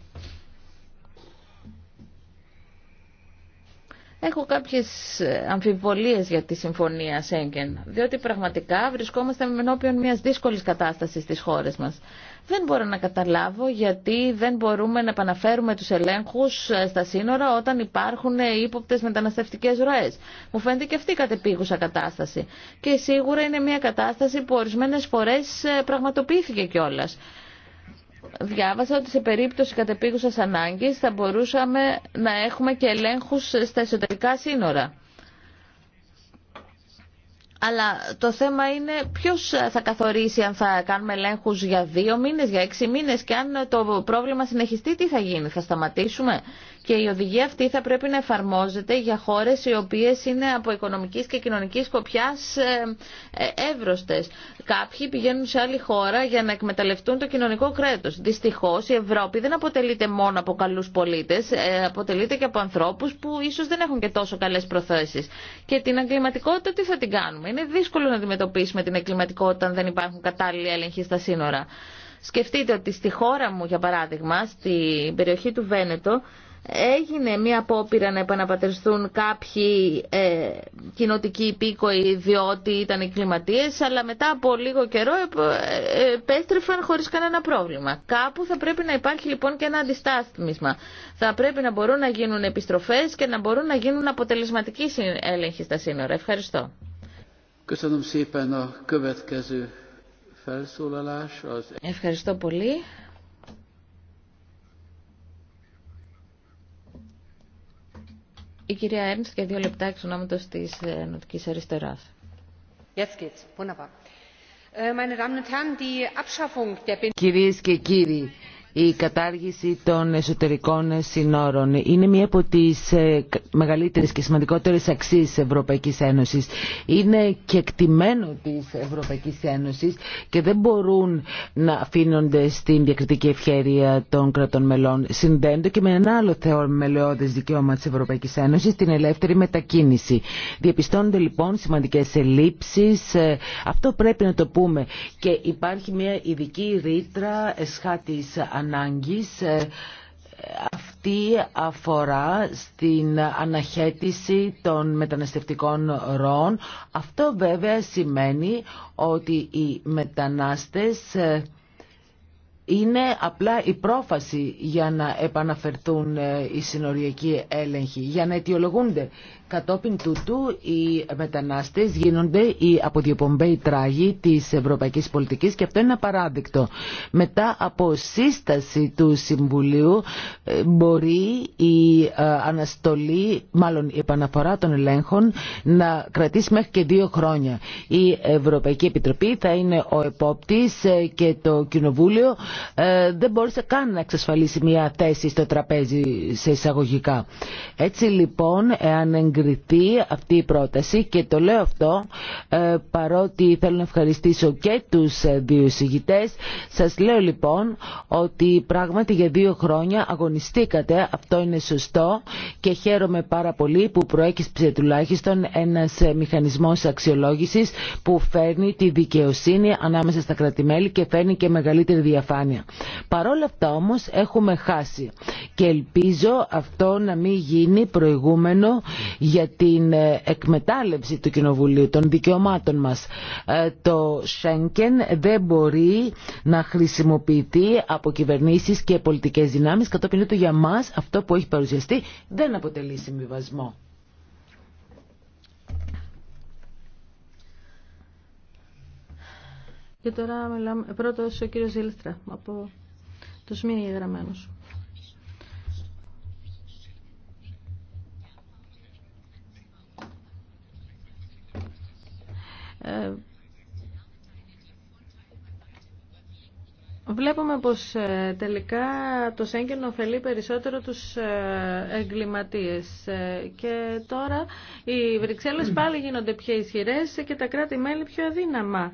Έχω κάποιες ε, αμφιβολίες για τη συμφωνία Σέγγεν, διότι πραγματικά βρισκόμαστε με ενώπιον μιας δύσκολης κατάστασης στις χώρες μας. Δεν μπορώ να καταλάβω γιατί δεν μπορούμε να επαναφέρουμε τους ελέγχους ε, στα σύνορα όταν υπάρχουν ε, ύποπτες μεταναστευτικές ροές. Μου φαίνεται και αυτή η κατεπίγουσα κατάσταση. Και σίγουρα είναι μια κατάσταση που ορισμένες φορές πραγματοποιήθηκε κιόλας διάβασα ότι σε περίπτωση κατεπίγουσας ανάγκης θα μπορούσαμε να έχουμε και ελέγχους στα εσωτερικά σύνορα. Αλλά το θέμα είναι ποιος θα καθορίσει αν θα κάνουμε ελέγχους για δύο μήνες, για έξι μήνες και αν το πρόβλημα συνεχιστεί τι θα γίνει, θα σταματήσουμε και η οδηγία αυτή θα πρέπει να εφαρμόζεται για χώρες οι οποίες είναι από οικονομικής και κοινωνικής σκοπιάς ε, ε, εύρωστες. Κάποιοι πηγαίνουν σε άλλη χώρα για να εκμεταλλευτούν το κοινωνικό κρέτος. Δυστυχώς η Ευρώπη δεν αποτελείται μόνο από καλούς πολίτες, ε, αποτελείται και από ανθρώπους που ίσως δεν έχουν και τόσο καλές προθέσεις. Και την εγκληματικότητα τι θα την κάνουμε. Είναι δύσκολο να αντιμετωπίσουμε την εγκληματικότητα αν δεν υπάρχουν κατάλληλοι έλεγχοι στα σύνορα. Σκεφτείτε ότι στη χώρα μου, για παράδειγμα, στην περιοχή του Βένετο, έγινε μία απόπειρα να επαναπατριστούν κάποιοι ε, κοινοτικοί υπήκοοι διότι ήταν κλιματίες, αλλά μετά από λίγο καιρό ε, ε, επέστρεφαν χωρίς κανένα πρόβλημα. Κάπου θα πρέπει να υπάρχει λοιπόν και ένα αντιστάθμισμα. Θα πρέπει να μπορούν να γίνουν επιστροφές και να μπορούν να γίνουν αποτελεσματικοί έλεγχοι στα σύνορα. Ευχαριστώ. Ευχαριστώ πολύ. Η κυρία Έρνστ για δύο λεπτά εξ ονόματος της ε, Νοτικής Αριστεράς. Äh, Κυρίες και κύριοι, η κατάργηση των εσωτερικών συνόρων. Είναι μία από τις ε, μεγαλύτερες και σημαντικότερες αξίες της Ευρωπαϊκής Ένωσης. Είναι και εκτιμένο της Ευρωπαϊκής Ένωσης και δεν μπορούν να αφήνονται στην διακριτική ευχέρεια των κρατών μελών. Συνδέονται και με ένα άλλο θεομελαιώδες δικαίωμα της Ευρωπαϊκής Ένωσης, την ελεύθερη μετακίνηση. Διαπιστώνονται λοιπόν σημαντικές ελλείψεις. Ε, αυτό πρέπει να το πούμε. Και υπάρχει μια ειδική ρήτρα εσχάτης ανάγκης ε, αυτή αφορά στην αναχέτηση των μεταναστευτικών ροών. Αυτό βέβαια σημαίνει ότι οι μετανάστες ε, είναι απλά η πρόφαση για να επαναφερθούν ε, οι συνοριακοί έλεγχοι, για να αιτιολογούνται Κατόπιν τούτου οι μετανάστες γίνονται οι αποδιοπομπέοι τράγοι της ευρωπαϊκής πολιτικής και αυτό είναι απαράδεκτο. Μετά από σύσταση του Συμβουλίου ε, μπορεί η ε, αναστολή, μάλλον η επαναφορά των ελέγχων να κρατήσει μέχρι και δύο χρόνια. Η Ευρωπαϊκή Επιτροπή θα είναι ο επόπτης ε, και το Κοινοβούλιο δεν μπόρεσε καν να εξασφαλίσει μια θέση στο τραπέζι σε εισαγωγικά. Έτσι λοιπόν, εάν αυτή η πρόταση και το λέω αυτό ε, παρότι θέλω να ευχαριστήσω και τους ε, δύο συγητές. Σας λέω λοιπόν ότι πράγματι για δύο χρόνια αγωνιστήκατε, αυτό είναι σωστό και χαίρομαι πάρα πολύ που προέκυψε τουλάχιστον ένας ε, μηχανισμός αξιολόγησης που φέρνει τη δικαιοσύνη ανάμεσα στα κρατημέλη και φέρνει και μεγαλύτερη διαφάνεια. Παρόλα αυτά όμως έχουμε χάσει και ελπίζω αυτό να μην γίνει προηγούμενο για την ε, εκμετάλλευση του Κοινοβουλίου, των δικαιωμάτων μας. Ε, το Σέγκεν δεν μπορεί να χρησιμοποιηθεί από κυβερνήσεις και πολιτικές δυνάμεις κατόπιν του για μας αυτό που έχει παρουσιαστεί δεν αποτελεί συμβιβασμό. Και τώρα μιλάμε πρώτος ο κύριος Ζήλστρα από το γραμμένο γραμμένος. Ε, βλέπουμε πως ε, τελικά το Σέγγεν ωφελεί περισσότερο τους ε, εγκληματίες και τώρα οι Βρυξέλλες πάλι γίνονται πιο ισχυρές και τα κράτη-μέλη πιο αδύναμα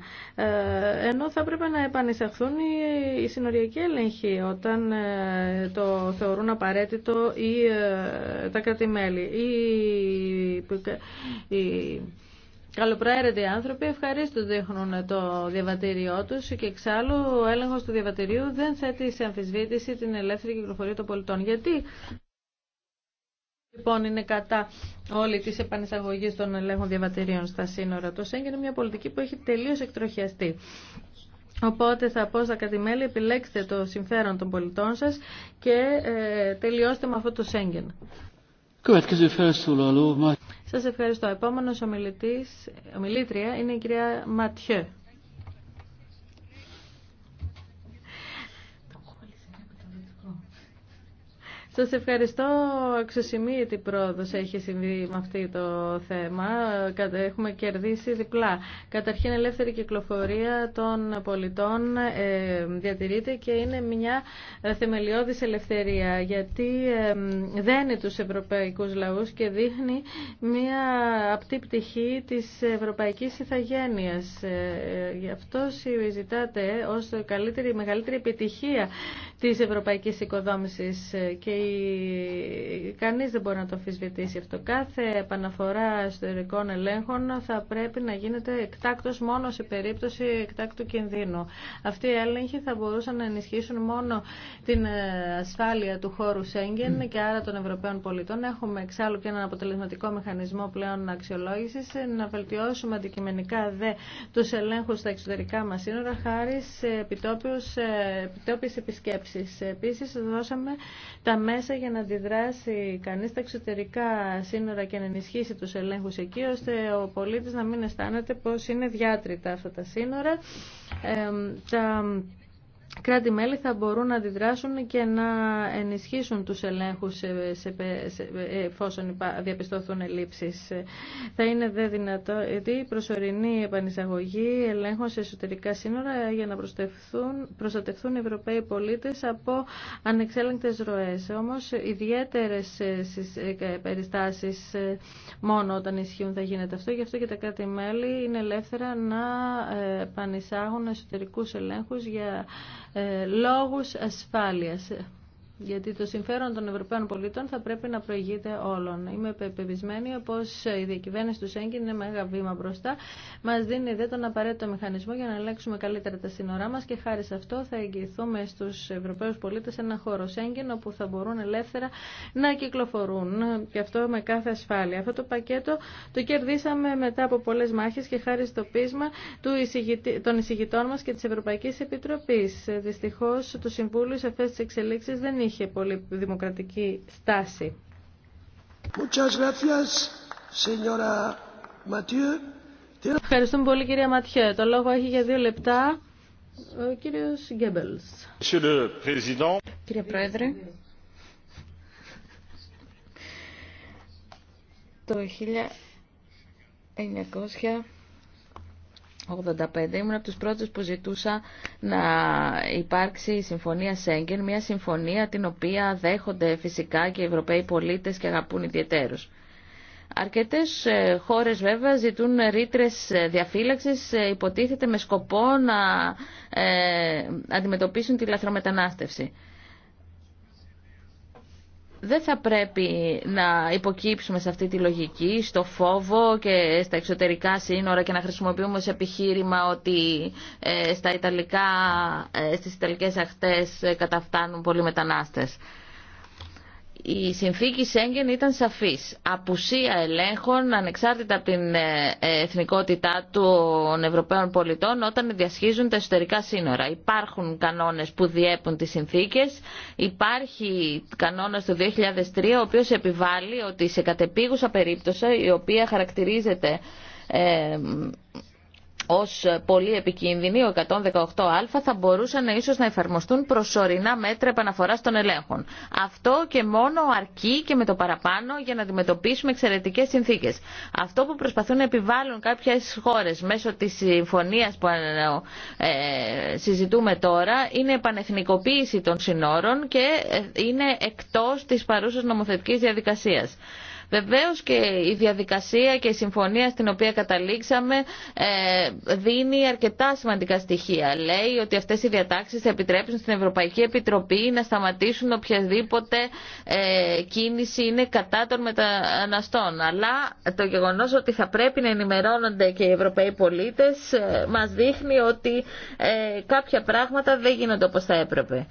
ενώ θα έπρεπε να επανεισαχθούν οι συνοριακοί έλεγχοι όταν το θεωρούν απαραίτητο τα κράτη-μέλη. Καλοπροαίρετοι άνθρωποι ευχαρίστω δείχνουν το διαβατήριό του και εξάλλου ο έλεγχο του διαβατηρίου δεν θέτει σε αμφισβήτηση την ελεύθερη κυκλοφορία των πολιτών. Γιατί λοιπόν είναι κατά όλη τη επανεισαγωγή των ελέγχων διαβατηρίων στα σύνορα. Το ΣΕΝΚ είναι μια πολιτική που έχει τελείω εκτροχιαστεί. Οπότε θα πω στα κατημέλη επιλέξτε το συμφέρον των πολιτών σας και ε, τελειώστε με αυτό το Σέγγεν. Σας ευχαριστώ. Επόμενος ομιλητής, ομιλήτρια είναι η κυρία Ματιέ. Σας ευχαριστώ. Αξιοσημείωτη πρόοδος έχει συμβεί με αυτό το θέμα. Έχουμε κερδίσει διπλά. Καταρχήν, ελεύθερη κυκλοφορία των πολιτών ε, διατηρείται και είναι μια ε, θεμελιώδης ελευθερία γιατί δένει τους ευρωπαϊκούς λαούς και δείχνει μια απτή πτυχή της ευρωπαϊκής ηθαγένειας. Ε, γι' αυτό συζητάτε ως καλύτερη, μεγαλύτερη επιτυχία της ευρωπαϊκής οικοδόμησης και κανείς δεν μπορεί να το αφισβητήσει αυτό. Κάθε επαναφορά εσωτερικών ελέγχων θα πρέπει να γίνεται εκτάκτος μόνο σε περίπτωση εκτάκτου κινδύνου. Αυτοί οι έλεγχοι θα μπορούσαν να ενισχύσουν μόνο την ε, ασφάλεια του χώρου Σέγγεν και άρα των Ευρωπαίων πολιτών. Έχουμε εξάλλου και έναν αποτελεσματικό μηχανισμό πλέον αξιολόγηση ε, να βελτιώσουμε αντικειμενικά δε τους ελέγχους στα εξωτερικά μα σύνορα χάρη σε ε, επιτόπιε επισκέψει. Επίση, δώσαμε τα μέσα για να αντιδράσει κανεί τα εξωτερικά σύνορα και να ενισχύσει τους ελέγχου εκεί, ώστε ο πολίτη να μην αισθάνεται πω είναι διάτρητα αυτά τα σύνορα κράτη-μέλη θα μπορούν να αντιδράσουν και να ενισχύσουν τους ελέγχους σε, σε, σε, εφόσον διαπιστώθουν ελλείψεις. Θα είναι δε δυνατό η προσωρινή επανεισαγωγή ελέγχων σε εσωτερικά σύνορα για να προστατευθούν οι Ευρωπαίοι πολίτες από ανεξέλεγκτες ροές. Όμως ιδιαίτερες ε, ε, περιστάσεις ε, μόνο όταν ισχύουν θα γίνεται αυτό. Γι' αυτό και τα κράτη-μέλη είναι ελεύθερα να επανεισάγουν εσωτερικούς ελέγχους για ε, λόγους ασφάλειας γιατί το συμφέρον των Ευρωπαίων πολιτών θα πρέπει να προηγείται όλων. Είμαι πεπισμένη πως η διακυβέρνηση του Σέγγιν είναι μεγάλο βήμα μπροστά. Μα δίνει δε τον απαραίτητο μηχανισμό για να ελέγξουμε καλύτερα τα σύνορά μα. και χάρη σε αυτό θα εγγυηθούμε στου Ευρωπαίου πολίτε ένα χώρο Σέγγιν όπου θα μπορούν ελεύθερα να κυκλοφορούν και αυτό με κάθε ασφάλεια. Αυτό το πακέτο το κερδίσαμε μετά από πολλέ μάχε και χάρη στο πείσμα των εισηγητών μα και τη Ευρωπαϊκή Επιτροπή. Δυστυχώ το Συμβούλιο σε αυτέ τι δεν είχε είχε πολύ δημοκρατική στάση. Ευχαριστούμε πολύ κυρία Ματιέ. Το λόγο έχει για δύο λεπτά ο κύριος Γκέμπελς. Κύριε Πρόεδρε, το 1900 85 ήμουν από τους πρώτους που ζητούσα να υπάρξει η Συμφωνία Σέγγεν, μια συμφωνία την οποία δέχονται φυσικά και οι Ευρωπαίοι πολίτες και αγαπούν ιδιαιτέρως. Αρκετές ε, χώρες βέβαια ζητούν ρήτρε ε, διαφύλαξης ε, υποτίθεται με σκοπό να αντιμετωπίσουν τη λαθρομετανάστευση δεν θα πρέπει να υποκύψουμε σε αυτή τη λογική, στο φόβο και στα εξωτερικά σύνορα και να χρησιμοποιούμε ως επιχείρημα ότι ε, στα Ιταλικά, ε, στις Ιταλικές αχτές ε, καταφτάνουν πολλοί μετανάστες η συνθήκη Σέγγεν ήταν σαφής. Απουσία ελέγχων ανεξάρτητα από την ε, ε, εθνικότητά των Ευρωπαίων πολιτών όταν διασχίζουν τα εσωτερικά σύνορα. Υπάρχουν κανόνες που διέπουν τις συνθήκες. Υπάρχει κανόνας του 2003 ο οποίος επιβάλλει ότι σε κατεπίγουσα περίπτωση η οποία χαρακτηρίζεται ε, ως πολύ επικίνδυνοι, ο 118α, θα μπορούσαν ίσως να εφαρμοστούν προσωρινά μέτρα επαναφοράς των ελέγχων. Αυτό και μόνο αρκεί και με το παραπάνω για να αντιμετωπίσουμε εξαιρετικές συνθήκες. Αυτό που προσπαθούν να επιβάλλουν κάποιες χώρες μέσω της συμφωνίας που ε, ε, συζητούμε τώρα είναι επανεθνικοποίηση των συνόρων και ε, είναι εκτός της παρούσας νομοθετικής διαδικασίας. Βεβαίως και η διαδικασία και η συμφωνία στην οποία καταλήξαμε ε, δίνει αρκετά σημαντικά στοιχεία. Λέει ότι αυτές οι διατάξεις θα επιτρέψουν στην Ευρωπαϊκή Επιτροπή να σταματήσουν οποιαδήποτε ε, κίνηση είναι κατά των μεταναστών. Αλλά το γεγονός ότι θα πρέπει να ενημερώνονται και οι Ευρωπαίοι πολίτες ε, μας δείχνει ότι κάποια πράγματα δεν γίνονται όπως θα έπρεπε.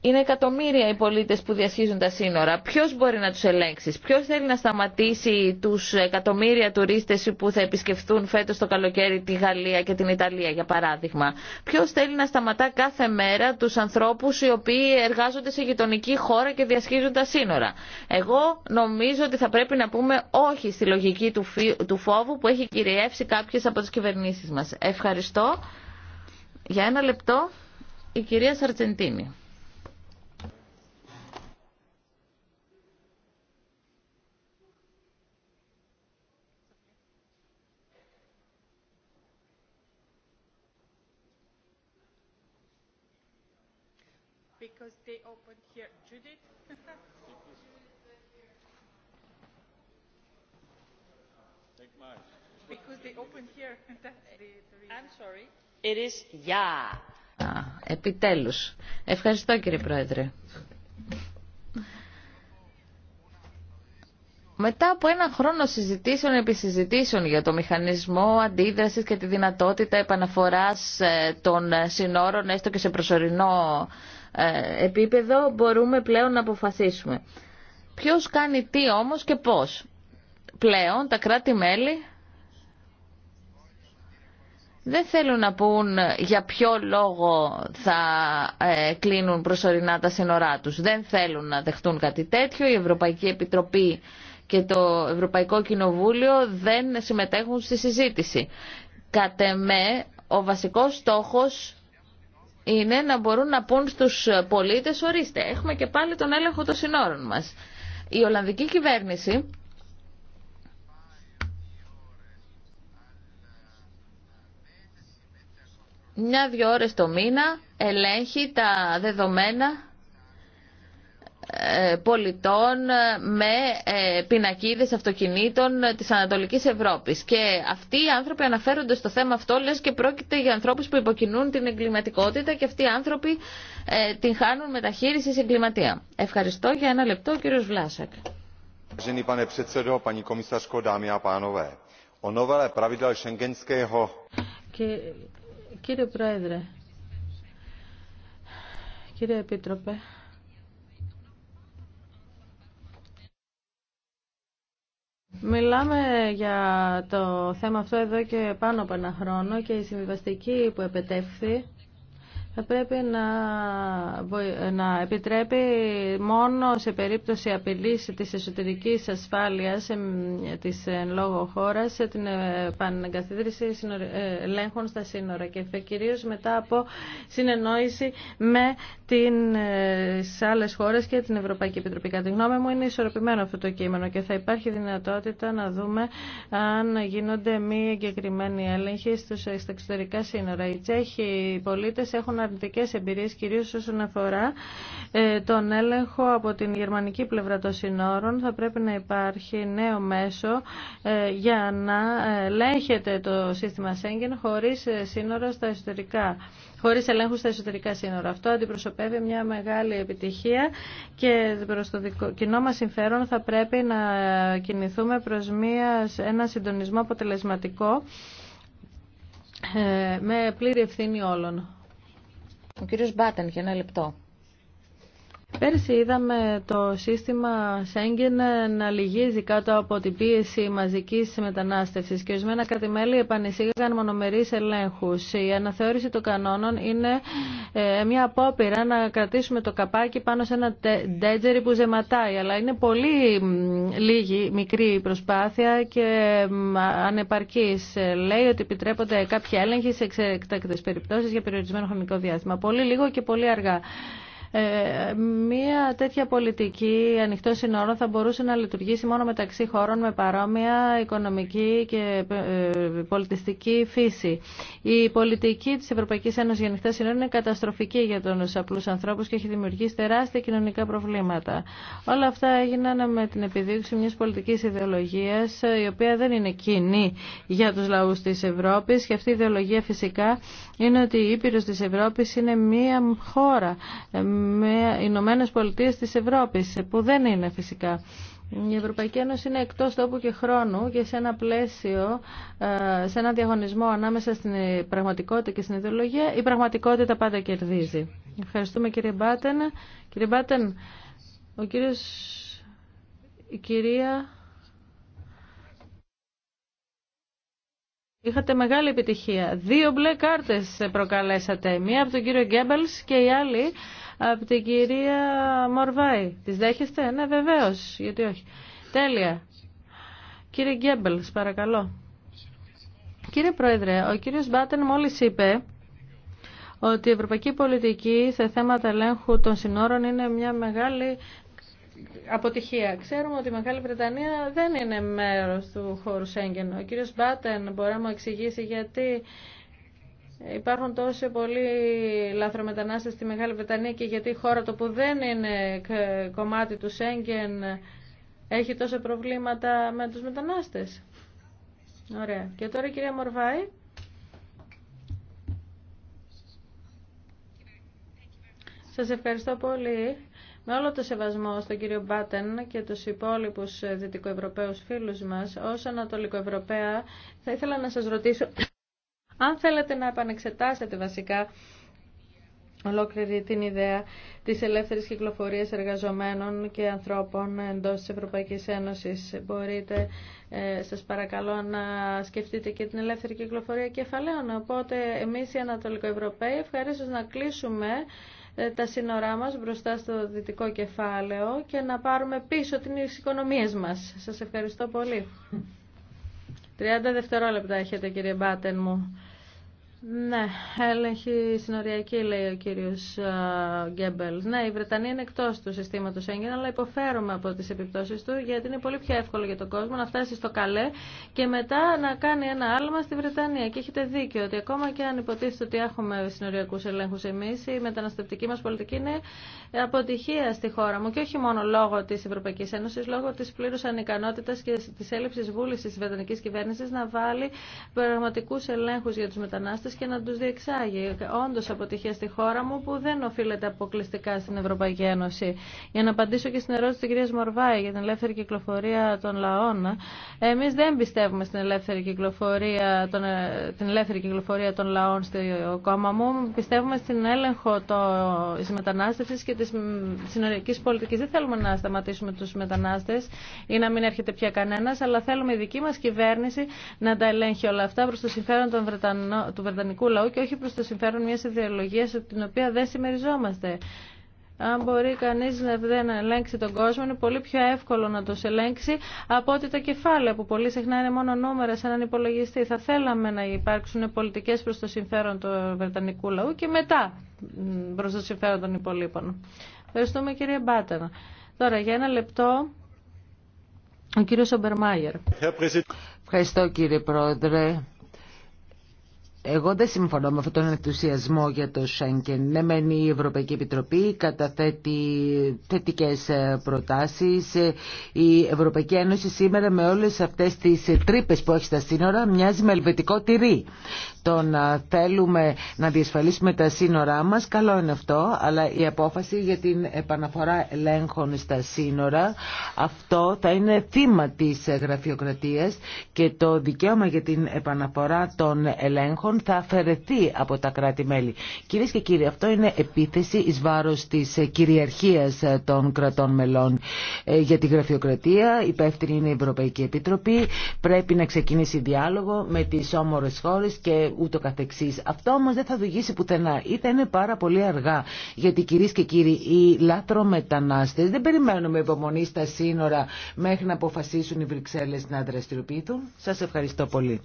Είναι εκατομμύρια οι πολίτε που διασχίζουν τα σύνορα. Ποιο μπορεί να του ελέγξει, Ποιο θέλει να σταματήσει του εκατομμύρια τουρίστες που θα επισκεφθούν φέτο το καλοκαίρι τη Γαλλία και την Ιταλία για παράδειγμα. Ποιο θέλει να σταματά κάθε μέρα του ανθρώπου οι οποίοι εργάζονται σε γειτονική χώρα και διασχίζουν τα σύνορα. Εγώ νομίζω ότι θα πρέπει να πούμε όχι στη λογική του φόβου που έχει κυριεύσει κάποιε από τι κυβερνήσει μα. Ευχαριστώ. Για ένα λεπτό η κυρία Σαρτζεντίνη. Because open here. I'm sorry. It is yeah. επιτέλους. Ευχαριστώ κύριε Πρόεδρε. Μετά από ένα χρόνο συζητήσεων επί συζητήσεων για το μηχανισμό αντίδρασης και τη δυνατότητα επαναφοράς ε, των συνόρων έστω και σε προσωρινό ε, επίπεδο μπορούμε πλέον να αποφασίσουμε. Ποιος κάνει τι όμως και πώς. Πλέον τα κράτη-μέλη δεν θέλουν να πούν για ποιο λόγο θα ε, κλείνουν προσωρινά τα σύνορά τους. Δεν θέλουν να δεχτούν κάτι τέτοιο. Η Ευρωπαϊκή Επιτροπή και το Ευρωπαϊκό Κοινοβούλιο δεν συμμετέχουν στη συζήτηση. Κατ' εμέ, ο βασικός στόχος είναι να μπορούν να πούν στους πολίτες ορίστε, έχουμε και πάλι τον έλεγχο των συνόρων μας. Η Ολλανδική κυβέρνηση μια-δυο ώρες το μήνα ελέγχει τα δεδομένα ε, πολιτών ε, με ε, πινακίδες αυτοκινήτων της Ανατολικής Ευρώπης. Και αυτοί οι άνθρωποι αναφέρονται στο θέμα αυτό, λες και πρόκειται για ανθρώπους που υποκινούν την εγκληματικότητα και αυτοί οι άνθρωποι την χάνουν μεταχείριση σε εγκληματία. Ευχαριστώ για ένα λεπτό, ο κύριος Βλάσακ. κύριε Πρόεδρε, κύριε Επίτροπε, Μιλάμε για το θέμα αυτό εδώ και πάνω από ένα χρόνο και η συμβιβαστική που επετεύχθη θα πρέπει να, να επιτρέπει μόνο σε περίπτωση απειλής της εσωτερικής ασφάλειας της εν λόγω χώρας την ε, επανεγκαθίδρυση ε, ελέγχων στα σύνορα και κυρίως μετά από συνεννόηση με τις ε, άλλες χώρες και την Ευρωπαϊκή Επιτροπή. Κατά τη γνώμη μου είναι ισορροπημένο αυτό το κείμενο και θα υπάρχει δυνατότητα να δούμε αν γίνονται μη εγκεκριμένοι έλεγχοι στα εξωτερικά σύνορα. Οι Τσέχοι πολίτες έχουν αρνητικέ εμπειρίε, κυρίω όσον αφορά ε, τον έλεγχο από την γερμανική πλευρά των συνόρων. Θα πρέπει να υπάρχει νέο μέσο ε, για να ελέγχεται το σύστημα Σέγγεν χωρί ε, σύνορα στα εσωτερικά χωρίς ελέγχου στα εσωτερικά σύνορα. Αυτό αντιπροσωπεύει μια μεγάλη επιτυχία και προ το κοινό μας συμφέρον θα πρέπει να κινηθούμε προς μια, ένα συντονισμό αποτελεσματικό με πλήρη ευθύνη όλων. Ο κύριος Μπάτεν για ένα λεπτό. Πέρσι είδαμε το σύστημα Σέγγεν να λυγίζει κάτω από την πίεση μαζικής μετανάστευσης και ορισμένα κράτη-μέλη επανεισήγαγαν μονομερείς ελέγχους. Η αναθεώρηση των κανόνων είναι ε, μια απόπειρα να κρατήσουμε το καπάκι πάνω σε ένα ντέτζερι που ζεματάει, αλλά είναι πολύ λίγη μικρή προσπάθεια και ανεπαρκής. Λέει ότι επιτρέπονται κάποια έλεγχη σε εξεκτακτές περιπτώσεις για περιορισμένο χρονικό διάστημα. Πολύ λίγο και πολύ αργά. Ε, μία τέτοια πολιτική ανοιχτό σύνορο θα μπορούσε να λειτουργήσει μόνο μεταξύ χώρων με παρόμοια οικονομική και ε, πολιτιστική φύση. Η πολιτική της Ευρωπαϊκής Ένωσης για ανοιχτά σύνορα είναι καταστροφική για τους απλούς ανθρώπους και έχει δημιουργήσει τεράστια κοινωνικά προβλήματα. Όλα αυτά έγιναν με την επιδίωξη μιας πολιτικής ιδεολογίας η οποία δεν είναι κοινή για τους λαούς της Ευρώπης και αυτή η ιδεολογία φυσικά είναι ότι η Ήπειρος της Ευρώπης είναι μία χώρα με Ηνωμένε Πολιτείε της Ευρώπης, που δεν είναι φυσικά. Η Ευρωπαϊκή Ένωση είναι εκτός τόπου και χρόνου και σε ένα πλαίσιο, ε, σε ένα διαγωνισμό ανάμεσα στην πραγματικότητα και στην ιδεολογία, η πραγματικότητα πάντα κερδίζει. Ευχαριστούμε κύριε Μπάτεν. Κύριε Μπάτεν, ο κύριος, η κυρία... Είχατε μεγάλη επιτυχία. Δύο μπλε κάρτες προκαλέσατε. Μία από τον κύριο Γκέμπελς και η άλλη από την κυρία Μορβάη. τη δέχεστε? Ναι, βεβαίω, Γιατί όχι. Τέλεια. Κύριε Γκέμπελς, παρακαλώ. Κύριε Πρόεδρε, ο κύριο Μπάτεν μόλι είπε ότι η ευρωπαϊκή πολιτική σε θέματα ελέγχου των συνόρων είναι μια μεγάλη αποτυχία. Ξέρουμε ότι η Μεγάλη Βρετανία δεν είναι μέρος του χώρου Σέγγεν. Ο κύριος Μπάτεν μπορεί να μου εξηγήσει γιατί Υπάρχουν τόσο πολλοί λαθρομετανάστες στη Μεγάλη Βρετανία και γιατί η χώρα το που δεν είναι κομμάτι του Σέγγεν έχει τόσα προβλήματα με τους μετανάστες. Ωραία. Και τώρα η κυρία Μορβάη. Σας ευχαριστώ πολύ. Με όλο το σεβασμό στον κύριο Μπάτεν και τους υπόλοιπους δυτικοευρωπαίους φίλους μας, ως Ανατολικοευρωπαία, θα ήθελα να σας ρωτήσω αν θέλετε να επανεξετάσετε βασικά ολόκληρη την ιδέα της ελεύθερης κυκλοφορίας εργαζομένων και ανθρώπων εντός της Ευρωπαϊκής Ένωσης. Μπορείτε, ε, σας παρακαλώ, να σκεφτείτε και την ελεύθερη κυκλοφορία κεφαλαίων. Οπότε, εμείς οι Ανατολικοευρωπαίοι ευχαρίστω να κλείσουμε ε, τα σύνορά μας μπροστά στο δυτικό κεφάλαιο και να πάρουμε πίσω την οικονομίες μας. Σας ευχαριστώ πολύ. 30 δευτερόλεπτα έχετε κύριε Μπάτεν μου. Ναι, έλεγχη συνοριακή, λέει ο κύριο Γκέμπελ. Ναι, η Βρετανία είναι εκτό του συστήματο έγκαινα, αλλά υποφέρουμε από τι επιπτώσει του, γιατί είναι πολύ πιο εύκολο για τον κόσμο να φτάσει στο καλέ και μετά να κάνει ένα άλμα στη Βρετανία. Και έχετε δίκιο ότι ακόμα και αν υποτίθεται ότι έχουμε συνοριακού ελέγχου εμεί, η μεταναστευτική μα πολιτική είναι αποτυχία στη χώρα μου και όχι μόνο λόγω τη Ευρωπαϊκή Ένωση, λόγω τη πλήρου ανικανότητα και τη έλλειψη βούληση τη Βρετανική κυβέρνηση να βάλει πραγματικού ελέγχου για του μετανάστε και να τους διεξάγει. Όντως αποτυχία στη χώρα μου που δεν οφείλεται αποκλειστικά στην Ευρωπαϊκή Ένωση. Για να απαντήσω και στην ερώτηση της κυρίας Μορβάη για την ελεύθερη κυκλοφορία των λαών, εμείς δεν πιστεύουμε στην ελεύθερη κυκλοφορία των, την ελεύθερη κυκλοφορία των λαών στο κόμμα μου. Πιστεύουμε στην έλεγχο τη μετανάστευση και τη συνολική πολιτική. Δεν θέλουμε να σταματήσουμε του μετανάστε ή να μην έρχεται πια κανένα, αλλά θέλουμε η δική μα κυβέρνηση να τα ελέγχει όλα αυτά προ το συμφέρον των Βρετανών, του Ιορδανικού λαού και όχι προς το συμφέρον μιας ιδεολογίας την οποία δεν συμμεριζόμαστε. Αν μπορεί κανείς να δεν ελέγξει τον κόσμο, είναι πολύ πιο εύκολο να το ελέγξει από ότι τα κεφάλαια που πολύ συχνά είναι μόνο νούμερα σε έναν υπολογιστή. Θα θέλαμε να υπάρξουν πολιτικές προς το συμφέρον του Βρετανικού λαού και μετά προς το συμφέρον των υπολείπων. Ευχαριστούμε κύριε Μπάτανα. Τώρα για ένα λεπτό ο κύριος Ομπερμάγερ. Ευχαριστώ κύριε Πρόεδρε. Εγώ δεν συμφωνώ με αυτόν τον ενθουσιασμό για το Σέγγεν. Ναι, μεν η Ευρωπαϊκή Επιτροπή καταθέτει θετικέ ε, προτάσεις. Ε, η Ευρωπαϊκή Ένωση σήμερα με όλες αυτές τις τρύπε που έχει στα σύνορα μοιάζει με ελβετικό τυρί το να θέλουμε να διασφαλίσουμε τα σύνορά μας, καλό είναι αυτό, αλλά η απόφαση για την επαναφορά ελέγχων στα σύνορα, αυτό θα είναι θύμα της γραφειοκρατίας και το δικαίωμα για την επαναφορά των ελέγχων θα αφαιρεθεί από τα κράτη-μέλη. Κυρίες και κύριοι, αυτό είναι επίθεση εις βάρος της κυριαρχίας των κρατών μελών ε, για τη γραφειοκρατία. Υπεύθυνη είναι η Ευρωπαϊκή Επιτροπή. Πρέπει να ξεκινήσει διάλογο με τις όμορες χώρες ούτω καθεξής. Αυτό όμως δεν θα οδηγήσει πουθενά ή θα είναι πάρα πολύ αργά. Γιατί κυρίες και κύριοι οι λάτρομετανάστες δεν περιμένουν με υπομονή στα σύνορα μέχρι να αποφασίσουν οι Βρυξέλλες να δραστηριοποιηθούν. Σας ευχαριστώ πολύ.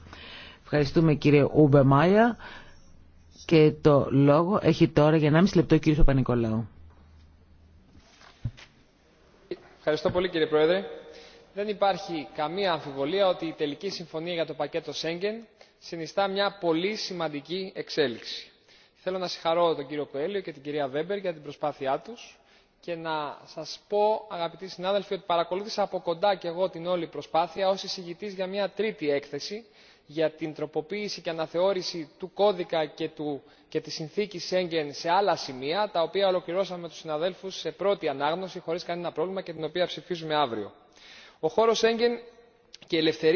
Ευχαριστούμε κύριε Ούμπε Μάια. Και το λόγο έχει τώρα για 1,5 λεπτό ο κύριος Παπα-Νικολάου. Ευχαριστώ πολύ κύριε Πρόεδρε. Δεν υπάρχει καμία αμφιβολία ότι η τελική συμφωνία για το πακέτο Σέγγεν συνιστά μια πολύ σημαντική εξέλιξη. Θέλω να συγχαρώ τον κύριο Κοέλιο και την κυρία Βέμπερ για την προσπάθειά τους και να σας πω, αγαπητοί συνάδελφοι, ότι παρακολούθησα από κοντά και εγώ την όλη προσπάθεια ως εισηγητής για μια τρίτη έκθεση για την τροποποίηση και αναθεώρηση του κώδικα και, του, και της συνθήκης Σέγγεν σε άλλα σημεία, τα οποία ολοκληρώσαμε με τους συναδέλφους σε πρώτη ανάγνωση, χωρίς κανένα πρόβλημα και την οποία ψηφίζουμε αύριο. Ο χώρος Σέγγεν και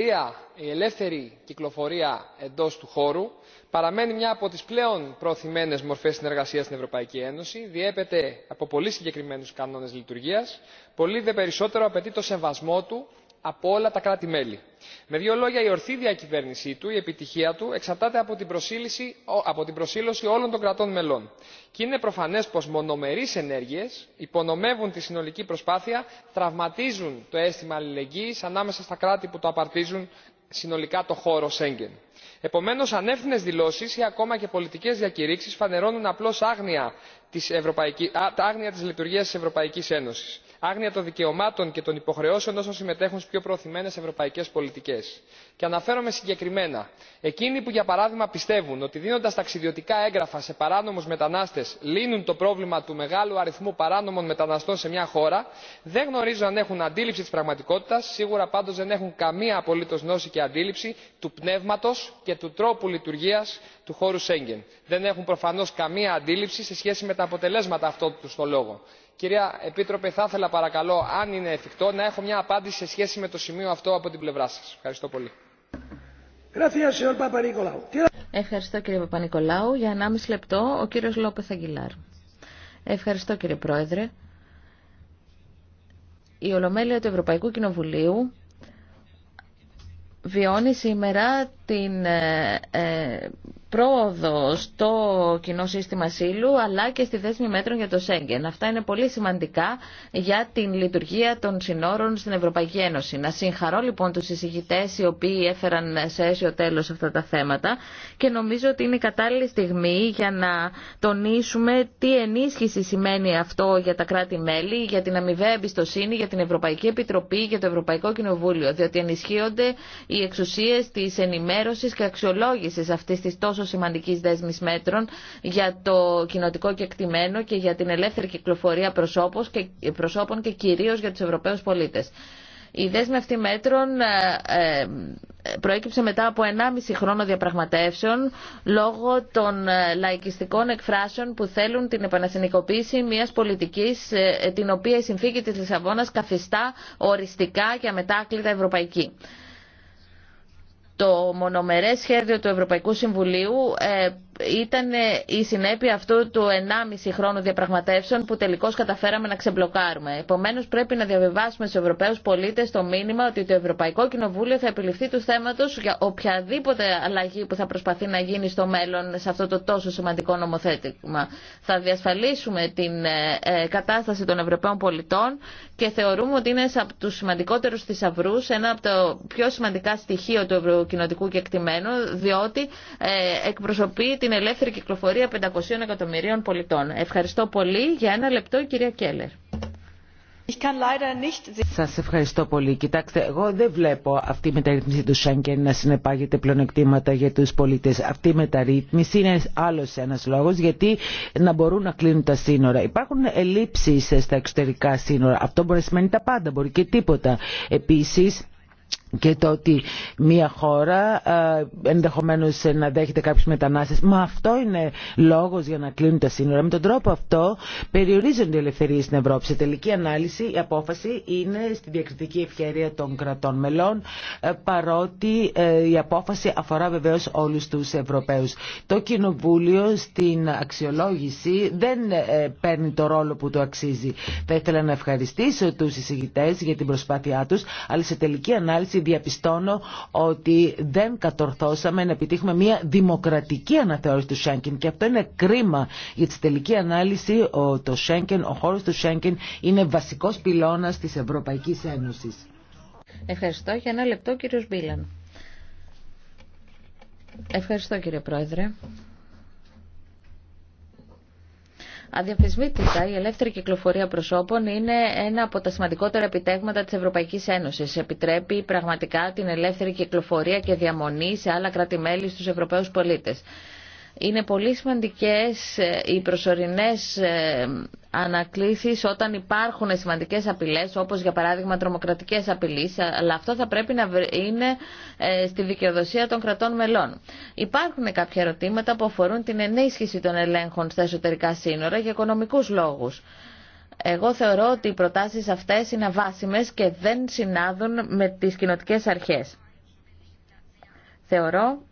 η ελεύθερη κυκλοφορία εντός του χώρου παραμένει μια από τις πλέον προωθημένες μορφές συνεργασίας στην Ευρωπαϊκή Ένωση, διέπεται από πολύ συγκεκριμένους κανόνες λειτουργίας, πολύ δε περισσότερο απαιτεί το σεβασμό του από όλα τα κράτη μέλη. με δύο λόγια η ορθή διακυβέρνησή του η επιτυχία του εξαρτάται από την προσήλωση όλων των κρατών μελών και είναι προφανές πως μονομερείς ενέργειες υπονομεύουν τη συνολική προσπάθεια τραυματίζουν το αίσθημα αλληλεγγύης ανάμεσα στα κράτη που το απαρτίζουν συνολικά το χώρο σέγγεν. επομένω ανεύθυνε δηλώσει ή ακόμα και πολιτικέ διακηρύξει φανερώνουν απλώ άγνοια τη λειτουργία τη ευρωπαϊκή ένωση άγνοια των δικαιωμάτων και των υποχρεώσεων όσων συμμετέχουν στι πιο προωθημένε ευρωπαϊκέ πολιτικέ. Και αναφέρομαι συγκεκριμένα εκείνοι που για παράδειγμα πιστεύουν ότι δίνοντα ταξιδιωτικά έγγραφα σε παράνομου μετανάστε λύνουν το πρόβλημα του μεγάλου αριθμού παράνομων μεταναστών σε μια χώρα δεν γνωρίζουν αν έχουν αντίληψη τη πραγματικότητα, σίγουρα πάντω δεν έχουν καμία απολύτω γνώση και αντίληψη του πνεύματο και του τρόπου λειτουργία του χώρου Σέγγεν. Δεν έχουν προφανώ καμία αντίληψη σε σχέση με τα αποτελέσματα αυτών του στο λόγο. Κυρία Επίτροπε, θα ήθελα παρακαλώ, αν είναι εφικτό, να έχω μια απάντηση σε σχέση με το σημείο αυτό από την πλευρά σας. Ευχαριστώ πολύ. Ευχαριστώ κύριε Παπα-Νικολάου. Για 1,5 λεπτό ο κύριος Λόπεθ Αγγιλάρ. Ευχαριστώ κύριε Πρόεδρε. Η Ολομέλεια του Ευρωπαϊκού Κοινοβουλίου βιώνει σήμερα την ε, ε, πρόοδο στο κοινό σύστημα ασύλου αλλά και στη δέσμη μέτρων για το Σέγγεν. Αυτά είναι πολύ σημαντικά για την λειτουργία των συνόρων στην Ευρωπαϊκή Ένωση. Να συγχαρώ λοιπόν τους εισηγητές οι οποίοι έφεραν σε αίσιο τέλος αυτά τα θέματα και νομίζω ότι είναι η κατάλληλη στιγμή για να τονίσουμε τι ενίσχυση σημαίνει αυτό για τα κράτη-μέλη, για την αμοιβαία εμπιστοσύνη, για την Ευρωπαϊκή Επιτροπή, για το Ευρωπαϊκό Κοινοβούλιο, διότι ενισχύονται οι εξουσίες της ενημέρωσης ενημέρωσης και αξιολόγησης αυτής της τόσο σημαντικής δέσμης μέτρων για το κοινοτικό κεκτημένο και για την ελεύθερη κυκλοφορία προσώπων και κυρίως για τους Ευρωπαίους πολίτες. Η δέσμη αυτή μέτρων ε, ε, προέκυψε μετά από 1,5 χρόνο διαπραγματεύσεων λόγω των ε, λαϊκιστικών εκφράσεων που θέλουν την επανασυνικοποίηση μιας πολιτικής την οποία η συνθήκη της Λισαβόνας καθιστά οριστικά και αμετάκλητα ευρωπαϊκή το μονομερές σχέδιο του Ευρωπαϊκού Συμβουλίου ε, ήταν ε, η συνέπεια αυτού του 1,5 χρόνου διαπραγματεύσεων που τελικώς καταφέραμε να ξεμπλοκάρουμε. Επομένως πρέπει να διαβεβάσουμε στους Ευρωπαίους πολίτες το μήνυμα ότι το Ευρωπαϊκό Κοινοβούλιο θα επιληφθεί του θέματος για οποιαδήποτε αλλαγή που θα προσπαθεί να γίνει στο μέλλον σε αυτό το τόσο σημαντικό νομοθέτημα. Θα διασφαλίσουμε την ε, ε, κατάσταση των Ευρωπαίων πολιτών και θεωρούμε ότι είναι από τους σημαντικότερους θησαυρού, ένα από τα πιο σημαντικά στοιχεία του ευρωκοινοτικού κεκτημένου, διότι εκπροσωπεί την ελεύθερη κυκλοφορία 500 εκατομμυρίων πολιτών. Ευχαριστώ πολύ. Για ένα λεπτό κυρία Κέλλερ. Σα ευχαριστώ πολύ. Κοιτάξτε, εγώ δεν βλέπω αυτή η μεταρρύθμιση του Σάνκεν να συνεπάγεται πλονεκτήματα για του πολίτε. Αυτή η μεταρρύθμιση είναι άλλο ένα λόγο γιατί να μπορούν να κλείνουν τα σύνορα. Υπάρχουν ελλείψει στα εξωτερικά σύνορα. Αυτό μπορεί να σημαίνει τα πάντα, μπορεί και τίποτα. Επίση, και το ότι μια χώρα ενδεχομένως να δέχεται κάποιους μετανάστες μα αυτό είναι λόγος για να κλείνουν τα σύνορα με τον τρόπο αυτό περιορίζονται οι ελευθερίες στην Ευρώπη σε τελική ανάλυση η απόφαση είναι στη διακριτική ευκαιρία των κρατών μελών ε, παρότι ε, η απόφαση αφορά βεβαίως όλους τους Ευρωπαίους το Κοινοβούλιο στην αξιολόγηση δεν ε, παίρνει το ρόλο που το αξίζει θα ήθελα να ευχαριστήσω τους εισηγητές για την προσπάθειά τους αλλά σε τελική ανάλυση διαπιστώνω ότι δεν κατορθώσαμε να επιτύχουμε μια δημοκρατική αναθεώρηση του Σέγγεν και αυτό είναι κρίμα για τη τελική ανάλυση ο, το Schengen, ο χώρος του Σέγγεν είναι βασικός πυλώνας της Ευρωπαϊκής Ένωσης. Ευχαριστώ. Για ένα λεπτό κύριος Μπίλαν. Ευχαριστώ κύριε Πρόεδρε. Αδιαμφισβήτητα, η ελεύθερη κυκλοφορία προσώπων είναι ένα από τα σημαντικότερα επιτέγματα της Ευρωπαϊκής Ένωσης. Επιτρέπει πραγματικά την ελεύθερη κυκλοφορία και διαμονή σε άλλα κράτη-μέλη στους Ευρωπαίους πολίτες. Είναι πολύ σημαντικές ε, οι προσωρινές ε, ανακλήσεις όταν υπάρχουν σημαντικές απειλές, όπως για παράδειγμα τρομοκρατικές απειλές, αλλά αυτό θα πρέπει να είναι ε, στη δικαιοδοσία των κρατών μελών. Υπάρχουν κάποια ερωτήματα που αφορούν την ενίσχυση των ελέγχων στα εσωτερικά σύνορα για οικονομικούς λόγους. Εγώ θεωρώ ότι οι προτάσεις αυτές είναι αβάσιμες και δεν συνάδουν με τις κοινοτικές αρχές. Θεωρώ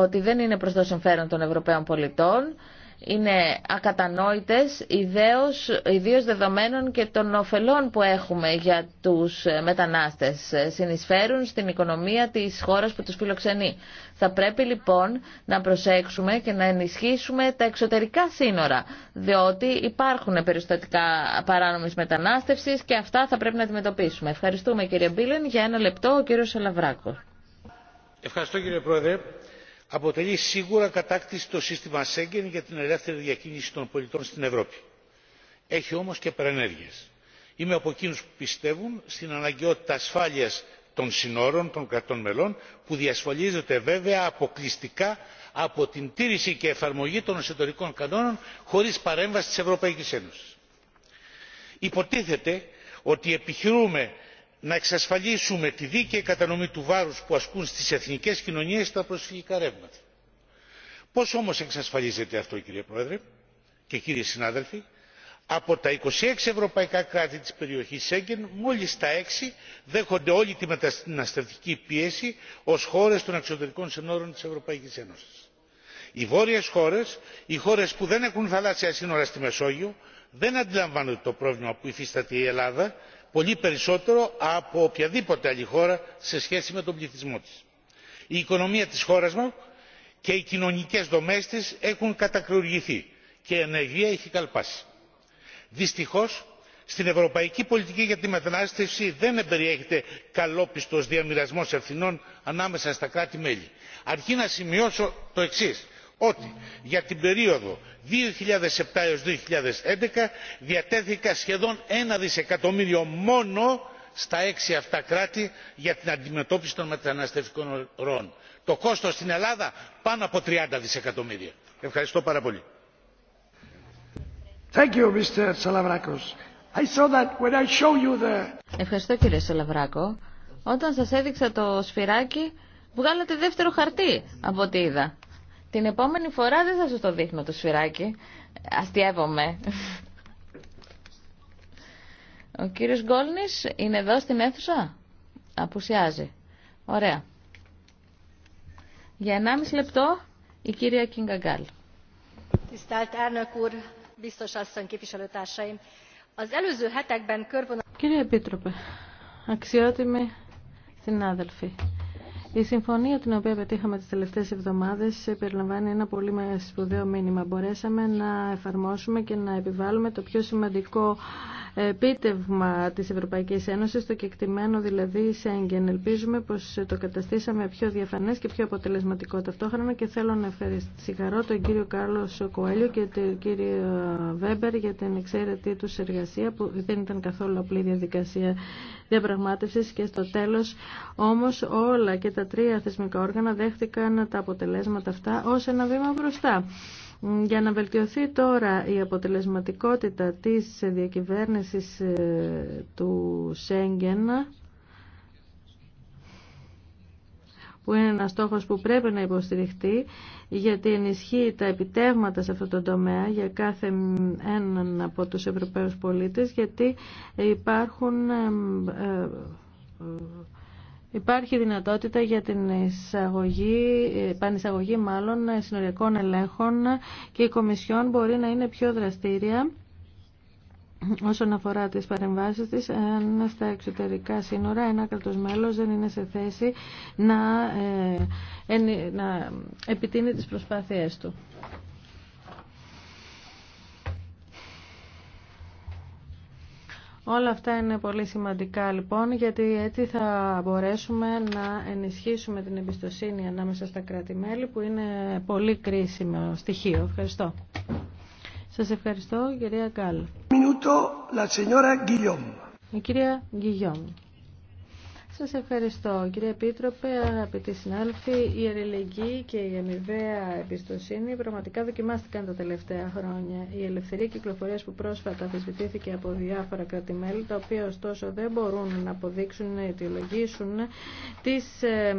ότι δεν είναι προς το συμφέρον των Ευρωπαίων πολιτών, είναι ακατανόητες, ιδέως, ιδίως δεδομένων και των ωφελών που έχουμε για τους μετανάστες. Συνεισφέρουν στην οικονομία της χώρας που τους φιλοξενεί. Θα πρέπει λοιπόν να προσέξουμε και να ενισχύσουμε τα εξωτερικά σύνορα, διότι υπάρχουν περιστατικά παράνομης μετανάστευσης και αυτά θα πρέπει να αντιμετωπίσουμε. Ευχαριστούμε κύριε Μπίλεν. Για ένα λεπτό ο κύριος Σαλαβράκος. Ευχαριστώ κύριε Πρόεδρε αποτελεί σίγουρα κατάκτηση το σύστημα σέγγεν για την ελεύθερη διακίνηση των πολιτών στην ευρώπη. έχει όμως και παρενέργειες. είμαι από εκείνους που πιστεύουν στην αναγκαιότητα ασφάλειας των συνόρων των κρατών μελών που διασφαλίζεται βέβαια αποκλειστικά από την τήρηση και εφαρμογή των εσωτερικών κανόνων χωρίς παρέμβαση της ευρωπαϊκής ένωσης. υποτίθεται ότι επιχειρούμε να εξασφαλίσουμε τη δίκαιη κατανομή του βάρους που ασκούν στις εθνικές κοινωνίες τα προσφυγικά ρεύματα. Πώς όμως εξασφαλίζεται αυτό κύριε Πρόεδρε και κύριοι συνάδελφοι από τα 26 ευρωπαϊκά κράτη της περιοχής Σέγγεν μόλις τα 6 δέχονται όλη τη μεταναστευτική πίεση ως χώρες των εξωτερικών συνόρων της Ευρωπαϊκής Ένωσης. Οι βόρειες χώρες, οι χώρες που δεν έχουν θαλάσσια σύνορα στη Μεσόγειο δεν αντιλαμβάνονται το πρόβλημα που υφίσταται η Ελλάδα πολύ περισσότερο από οποιαδήποτε άλλη χώρα σε σχέση με τον πληθυσμό της. η οικονομία της χώρας μου και οι κοινωνικές δομές της έχουν κατακριουργηθεί και η ενεργεία έχει καλπάσει. δυστυχώς στην ευρωπαϊκή πολιτική για τη μετανάστευση δεν εμπεριέχεται καλόπιστος διαμοιρασμός ευθυνών ανάμεσα στα κράτη μέλη. αρκεί να σημειώσω το εξής ότι για την περίοδο 2007 χιλιάδες επτά έως σχεδόν ένα δισεκατομμύριο μόνο στα έξι αυτά κράτη για την αντιμετώπιση των μεταναστευτικών ροών. το κόστος στην ελλάδα πάνω από 30 δισεκατομμύρια. ευχαριστώ πάρα πολύ. Ευχαριστώ κύριε Σαλαβράκο. Όταν σας έδειξα το σφυράκι, βγάλατε δεύτερο χαρτί από ό,τι είδα. Την επόμενη φορά δεν θα σου το δείχνω το σφυράκι. Αστιεύομαι. Ο κύριος Γκόλνης είναι εδώ στην αίθουσα. Απουσιάζει. Ωραία. Για 1,5 λεπτό η κυρία Κιγκαγκάλ. Κύριε Επίτροπε, αξιότιμη συνάδελφοι, η συμφωνία την οποία πετύχαμε τις τελευταίες εβδομάδες περιλαμβάνει ένα πολύ σπουδαίο μήνυμα. Μπορέσαμε να εφαρμόσουμε και να επιβάλλουμε το πιο σημαντικό επίτευγμα της Ευρωπαϊκής Ένωσης, το κεκτημένο δηλαδή Σέγγεν. Ελπίζουμε πως το καταστήσαμε πιο διαφανές και πιο αποτελεσματικό ταυτόχρονα και θέλω να συγχαρώ τον κύριο Κάρλος Κοέλιο και τον κύριο Βέμπερ για την εξαίρετή τους εργασία που δεν ήταν καθόλου απλή διαδικασία διαπραγμάτευσης και στο τέλος όμως όλα και τα τρία θεσμικά όργανα δέχτηκαν τα αποτελέσματα αυτά ως ένα βήμα μπροστά. Για να βελτιωθεί τώρα η αποτελεσματικότητα της διακυβέρνησης ε, του Σέγγεν, που είναι ένας στόχος που πρέπει να υποστηριχτεί γιατί ενισχύει τα επιτεύγματα σε αυτό το τομέα για κάθε έναν από τους Ευρωπαίους πολίτες γιατί υπάρχουν ε, ε, Υπάρχει δυνατότητα για την εισαγωγή, πανεισαγωγή μάλλον συνοριακών ελέγχων και η Κομισιόν μπορεί να είναι πιο δραστήρια όσον αφορά τις παρεμβάσεις της, αν στα εξωτερικά σύνορα ένα κρατος δεν είναι σε θέση να, ε, να επιτείνει τις προσπάθειές του. Όλα αυτά είναι πολύ σημαντικά λοιπόν γιατί έτσι θα μπορέσουμε να ενισχύσουμε την εμπιστοσύνη ανάμεσα στα κράτη-μέλη που είναι πολύ κρίσιμο στοιχείο. Ευχαριστώ. Σας ευχαριστώ, κυρία Γκάλ. Μινούτο, la señora Guillaume. Η κυρία Γκυλιόμ. Σας ευχαριστώ. Κύριε Επίτροπε, αγαπητοί συνάδελφοι, η αλληλεγγύη και η αμοιβαία εμπιστοσύνη πραγματικά δοκιμάστηκαν τα τελευταία χρόνια. Η ελευθερία κυκλοφορία που πρόσφατα αφισβητήθηκε από διάφορα κρατημέλη, τα οποία ωστόσο δεν μπορούν να αποδείξουν, να αιτιολογήσουν τις, ε,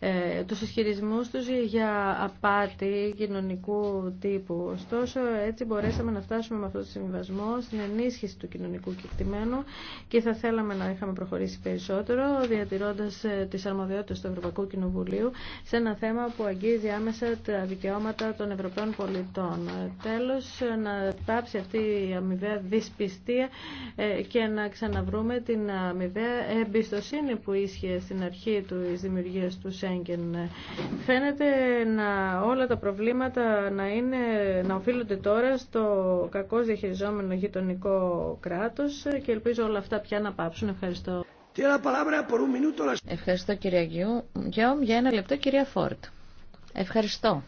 ε, τους ισχυρισμούς τους για απάτη κοινωνικού τύπου. Ωστόσο, έτσι μπορέσαμε να φτάσουμε με αυτό το συμβιβασμό στην ενίσχυση του κοινωνικού κεκτημένου και θα θέλαμε να είχαμε προχωρήσει περισσότερο Πρόεδρο, διατηρώντας ε, τις αρμοδιότητες του Ευρωπαϊκού Κοινοβουλίου σε ένα θέμα που αγγίζει άμεσα τα δικαιώματα των Ευρωπαίων πολιτών. Ε, τέλος, ε, να πάψει αυτή η αμοιβαία δυσπιστία και να ξαναβρούμε την αμοιβαία εμπιστοσύνη που ίσχυε στην αρχή της δημιουργίας του Σέγγεν. Φαίνεται να όλα τα προβλήματα να, είναι, να οφείλονται τώρα στο κακώς διαχειριζόμενο γειτονικό κράτος και ελπίζω όλα αυτά πια να πάψουν. Ευχαριστώ. Ευχαριστώ κυρία Γιώμ. Για ένα λεπτό κυρία Φόρτ. Ευχαριστώ.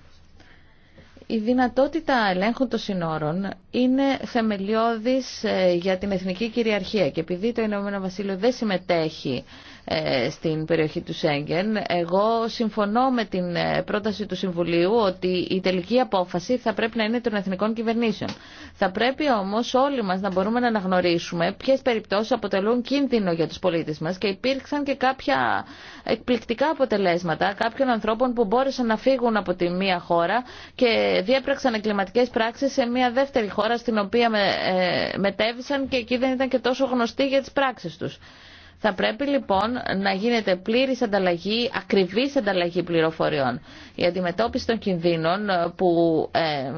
Η δυνατότητα ελέγχου των συνόρων είναι θεμελιώδης ε, για την εθνική κυριαρχία και επειδή το Ηνωμένο Βασίλειο δεν συμμετέχει ε, στην περιοχή του Σέγγεν. Εγώ συμφωνώ με την ε, πρόταση του Συμβουλίου ότι η τελική απόφαση θα πρέπει να είναι των εθνικών κυβερνήσεων. Θα πρέπει όμως όλοι μας να μπορούμε να αναγνωρίσουμε ποιες περιπτώσεις αποτελούν κίνδυνο για τους πολίτες μας και υπήρξαν και κάποια εκπληκτικά αποτελέσματα κάποιων ανθρώπων που μπόρεσαν να φύγουν από τη μία χώρα και διέπραξαν εγκληματικές πράξεις σε μία δεύτερη χώρα στην οποία ε, μετέβησαν και εκεί δεν ήταν και τόσο γνωστοί για τις πράξεις τους. Θα πρέπει λοιπόν να γίνεται πλήρης ανταλλαγή, ακριβής ανταλλαγή πληροφοριών. Η αντιμετώπιση των κινδύνων ε, που ε,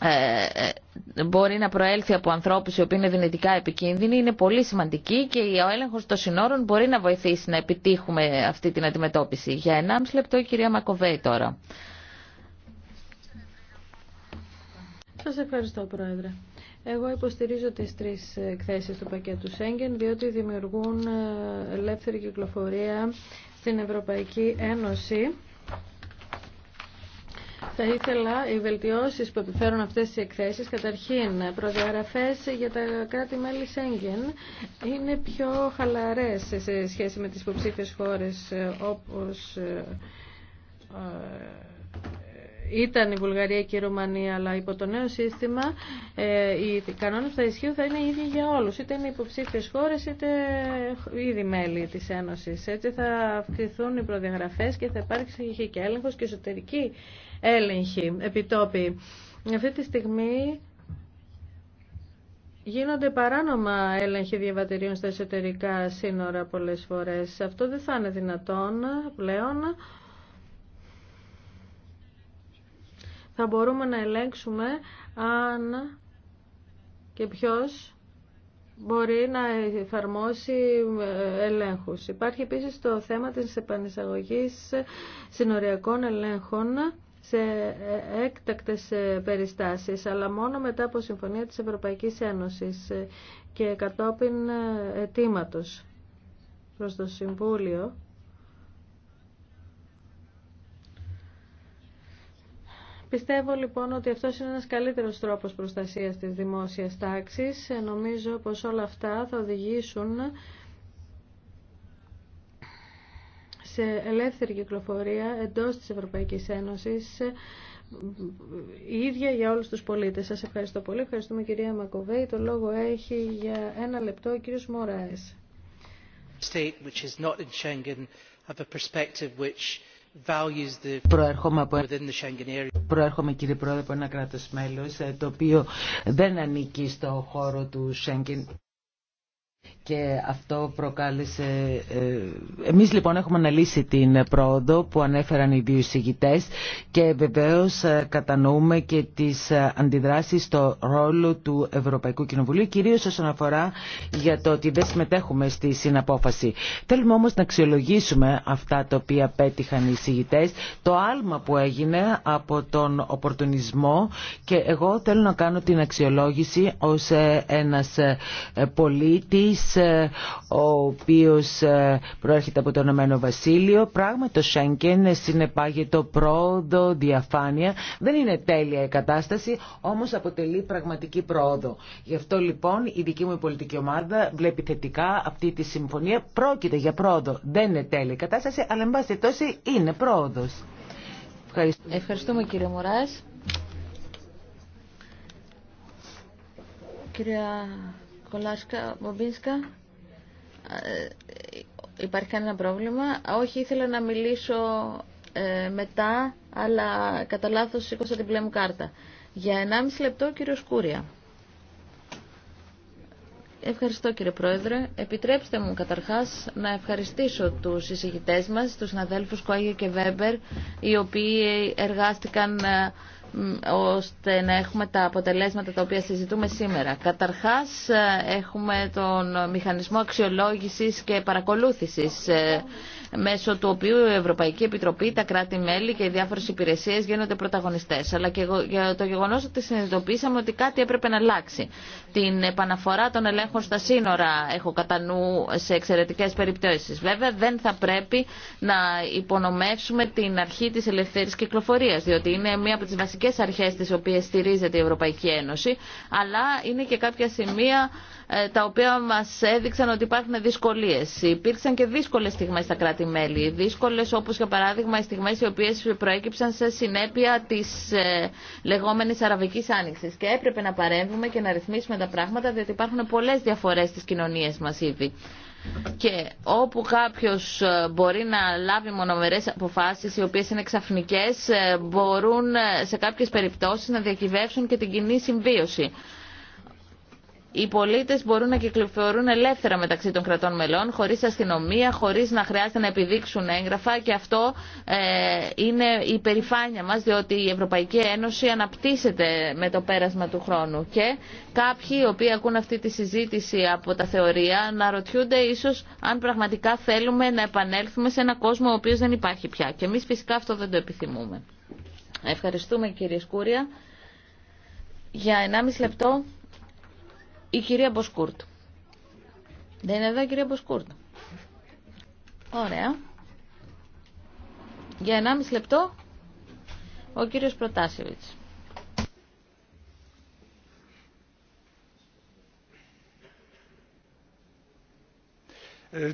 ε, ε, μπορεί να προέλθει από ανθρώπους οι οποίοι είναι δυνητικά επικίνδυνοι είναι πολύ σημαντική και ο έλεγχος των συνόρων μπορεί να βοηθήσει να επιτύχουμε αυτή την αντιμετώπιση. Για 1,5 λεπτό η κυρία Μακοβέη τώρα. Σας ευχαριστώ Πρόεδρε. Εγώ υποστηρίζω τις τρεις εκθέσεις του πακέτου Σέγγεν, διότι δημιουργούν ε, ελεύθερη κυκλοφορία στην Ευρωπαϊκή Ένωση. Θα ήθελα οι βελτιώσεις που επιφέρουν αυτές οι εκθέσεις. καταρχήν προδιαγραφές για τα κράτη-μέλη Σέγγεν είναι πιο χαλαρές σε σχέση με τις υποψήφιες χώρες ε, όπως... Ε, ήταν η Βουλγαρία και η Ρουμανία, αλλά υπό το νέο σύστημα ε, οι κανόνε που θα ισχύουν θα είναι οι ίδιοι για όλου. είτε είναι υποψήφιε χώρε είτε ήδη μέλη τη Ένωση. Έτσι θα αυξηθούν οι προδιαγραφέ και θα υπάρξει και έλεγχο και εσωτερική έλεγχη, επιτόπι. Αυτή τη στιγμή Γίνονται παράνομα έλεγχοι διαβατηρίων στα εσωτερικά σύνορα πολλές φορές. Αυτό δεν θα είναι δυνατόν πλέον. θα μπορούμε να ελέγξουμε αν και ποιος μπορεί να εφαρμόσει ε, ελέγχους. Υπάρχει επίσης το θέμα της επανεισαγωγής συνοριακών ελέγχων σε ε, έκτακτες ε, περιστάσεις, αλλά μόνο μετά από συμφωνία της Ευρωπαϊκής Ένωσης και κατόπιν αιτήματος προς το Συμβούλιο Πιστεύω λοιπόν ότι αυτός είναι ένας καλύτερος τρόπος προστασίας της δημόσιας τάξης. Ε, νομίζω πως όλα αυτά θα οδηγήσουν σε ελεύθερη κυκλοφορία εντός της Ευρωπαϊκής Ένωσης ε, η ίδια για όλους τους πολίτες. Σας ευχαριστώ πολύ. Ευχαριστούμε κυρία Μακοβέη. Το λόγο έχει για ένα λεπτό ο κύριος Μωράες. Προέρχομαι, κύριε Πρόεδρε από ένα κράτος μέλος ε, το οποίο δεν ανήκει στο χώρο του Σέγγιν και αυτό προκάλεσε... Ε, εμείς λοιπόν έχουμε αναλύσει την πρόοδο που ανέφεραν οι δύο εισηγητές και βεβαίως ε, κατανοούμε και τις ε, αντιδράσεις στο ρόλο του Ευρωπαϊκού Κοινοβουλίου κυρίως όσον αφορά για το ότι δεν συμμετέχουμε στη συναπόφαση. Θέλουμε όμως να αξιολογήσουμε αυτά τα οποία πέτυχαν οι εισηγητές, το άλμα που έγινε από τον οπορτουνισμό και εγώ θέλω να κάνω την αξιολόγηση ως ένας πολίτης ε, ο οποίος ε, προέρχεται από το Ηνωμένο Βασίλειο. Πράγμα το Σέγγεν το πρόοδο, διαφάνεια. Δεν είναι τέλεια η κατάσταση, όμως αποτελεί πραγματική πρόοδο. Γι' αυτό λοιπόν η δική μου πολιτική ομάδα βλέπει θετικά αυτή τη συμφωνία. Πρόκειται για πρόοδο. Δεν είναι τέλεια η κατάσταση, αλλά εν πάση τόση είναι πρόοδος. Ευχαριστούμε. Ευχαριστούμε κύριε Μωράς. Κυρία Κολάσκα, Μπομπίνσκα. Ε, υπάρχει κανένα πρόβλημα. Όχι, ήθελα να μιλήσω ε, μετά, αλλά κατά λάθο σήκωσα την πλέμου κάρτα. Για 1,5 λεπτό, κύριο Σκούρια. Ευχαριστώ κύριε Πρόεδρε. Επιτρέψτε μου καταρχάς να ευχαριστήσω τους συζητητές μας, τους συναδέλφους Κόγια και Βέμπερ, οι οποίοι εργάστηκαν ε, ώστε να έχουμε τα αποτελέσματα τα οποία συζητούμε σήμερα. Καταρχάς ε, έχουμε τον μηχανισμό αξιολόγησης και παρακολούθησης ε, μέσω του οποίου η Ευρωπαϊκή Επιτροπή, τα κράτη-μέλη και οι διάφορε υπηρεσίε γίνονται πρωταγωνιστέ. Αλλά και για το γεγονό ότι συνειδητοποίησαμε ότι κάτι έπρεπε να αλλάξει. Την επαναφορά των ελέγχων στα σύνορα έχω κατά νου σε εξαιρετικέ περιπτώσει. Βέβαια, δεν θα πρέπει να υπονομεύσουμε την αρχή τη ελευθερή κυκλοφορία, διότι είναι μία από τι βασικέ αρχέ τι οποίε στηρίζεται η Ευρωπαϊκή Ένωση, αλλά είναι και κάποια σημεία ε, τα οποία μα έδειξαν ότι υπάρχουν δυσκολίε. Υπήρξαν και δύσκολε στιγμέ στα κράτη κάτι μελη Δύσκολες όπως για παράδειγμα οι στιγμές οι οποίες προέκυψαν σε συνέπεια της ε, λεγόμενης Αραβικής Άνοιξης. Και έπρεπε να παρέμβουμε και να ρυθμίσουμε τα πράγματα διότι υπάρχουν πολλές διαφορές στις κοινωνίες μας ήδη. Και όπου κάποιος ε, μπορεί να λάβει μονομερές αποφάσεις οι οποίες είναι ξαφνικές ε, μπορούν ε, σε κάποιες περιπτώσεις να διακυβεύσουν και την κοινή συμβίωση οι πολίτε μπορούν να κυκλοφορούν ελεύθερα μεταξύ των κρατών μελών, χωρί αστυνομία, χωρί να χρειάζεται να επιδείξουν έγγραφα και αυτό ε, είναι η περηφάνεια μα διότι η Ευρωπαϊκή Ένωση αναπτύσσεται με το πέρασμα του χρόνου. Και κάποιοι οι οποίοι ακούν αυτή τη συζήτηση από τα θεωρία να ρωτιούνται ίσως αν πραγματικά θέλουμε να επανέλθουμε σε ένα κόσμο ο οποίο δεν υπάρχει πια. Και εμεί φυσικά αυτό δεν το επιθυμούμε. Ευχαριστούμε κύριε Σκούρια. Για 1,5 λεπτό η κυρία Μποσκούρτ. Δεν είναι εδώ η κυρία Μποσκούρτ. Ωραία. Για 1,5 λεπτό ο κύριος Προτάσεβιτς. Ε,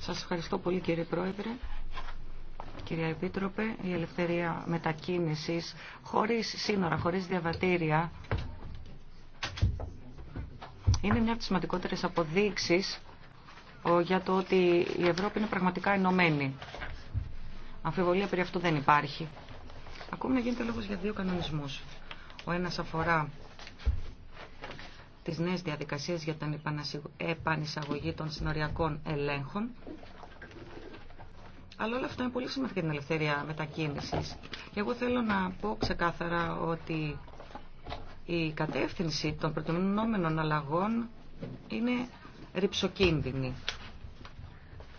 Σας ευχαριστώ πολύ κύριε Πρόεδρε. Κυρία Επίτροπε, η ελευθερία μετακίνησης χωρίς σύνορα, χωρίς διαβατήρια είναι μια από τις σημαντικότερες αποδείξεις για το ότι η Ευρώπη είναι πραγματικά ενωμένη. Αμφιβολία περί αυτού δεν υπάρχει. Ακόμη να γίνεται λόγος για δύο κανονισμούς. Ο ένας αφορά τις νέες διαδικασίες για την επανεισαγωγή των συνοριακών ελέγχων. Αλλά όλα αυτά είναι πολύ σημαντικά για την ελευθερία μετακίνησης. Και εγώ θέλω να πω ξεκάθαρα ότι η κατεύθυνση των προτεινόμενων αλλαγών είναι ρηψοκίνδυνη.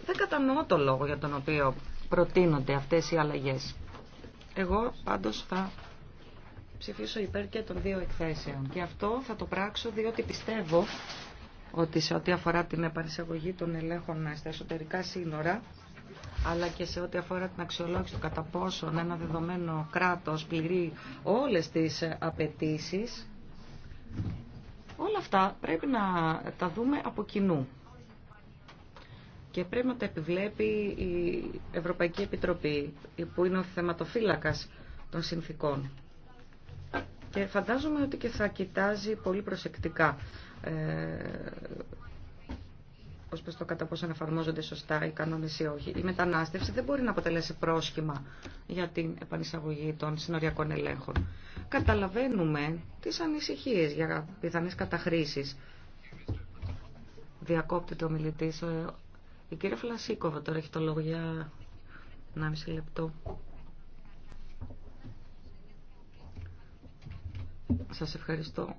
Δεν κατανοώ το λόγο για τον οποίο προτείνονται αυτές οι αλλαγές. Εγώ πάντως θα ψηφίσω υπέρ και των δύο εκθέσεων. Και αυτό θα το πράξω διότι πιστεύω ότι σε ό,τι αφορά την επανεισαγωγή των ελέγχων στα εσωτερικά σύνορα, αλλά και σε ό,τι αφορά την αξιολόγηση του κατά πόσον ένα δεδομένο κράτος πληρεί όλες τις απαιτήσει. Όλα αυτά πρέπει να τα δούμε από κοινού και πρέπει να τα επιβλέπει η Ευρωπαϊκή Επιτροπή που είναι ο θεματοφύλακας των συνθήκων. Και φαντάζομαι ότι και θα κοιτάζει πολύ προσεκτικά ε, Ω προ το κατά πόσο εφαρμόζονται σωστά οι κανόνε ή όχι. Η μετανάστευση δεν μπορεί να αποτελέσει πρόσχημα για την επανεισαγωγή των συνοριακών ελέγχων. Καταλαβαίνουμε τις ανησυχίε για πιθανές καταχρήσει. Διακόπτεται ο μιλητής. Ε, η κυρία Φλασίκοβα τώρα έχει το λόγο για μισή λεπτό. Σας ευχαριστώ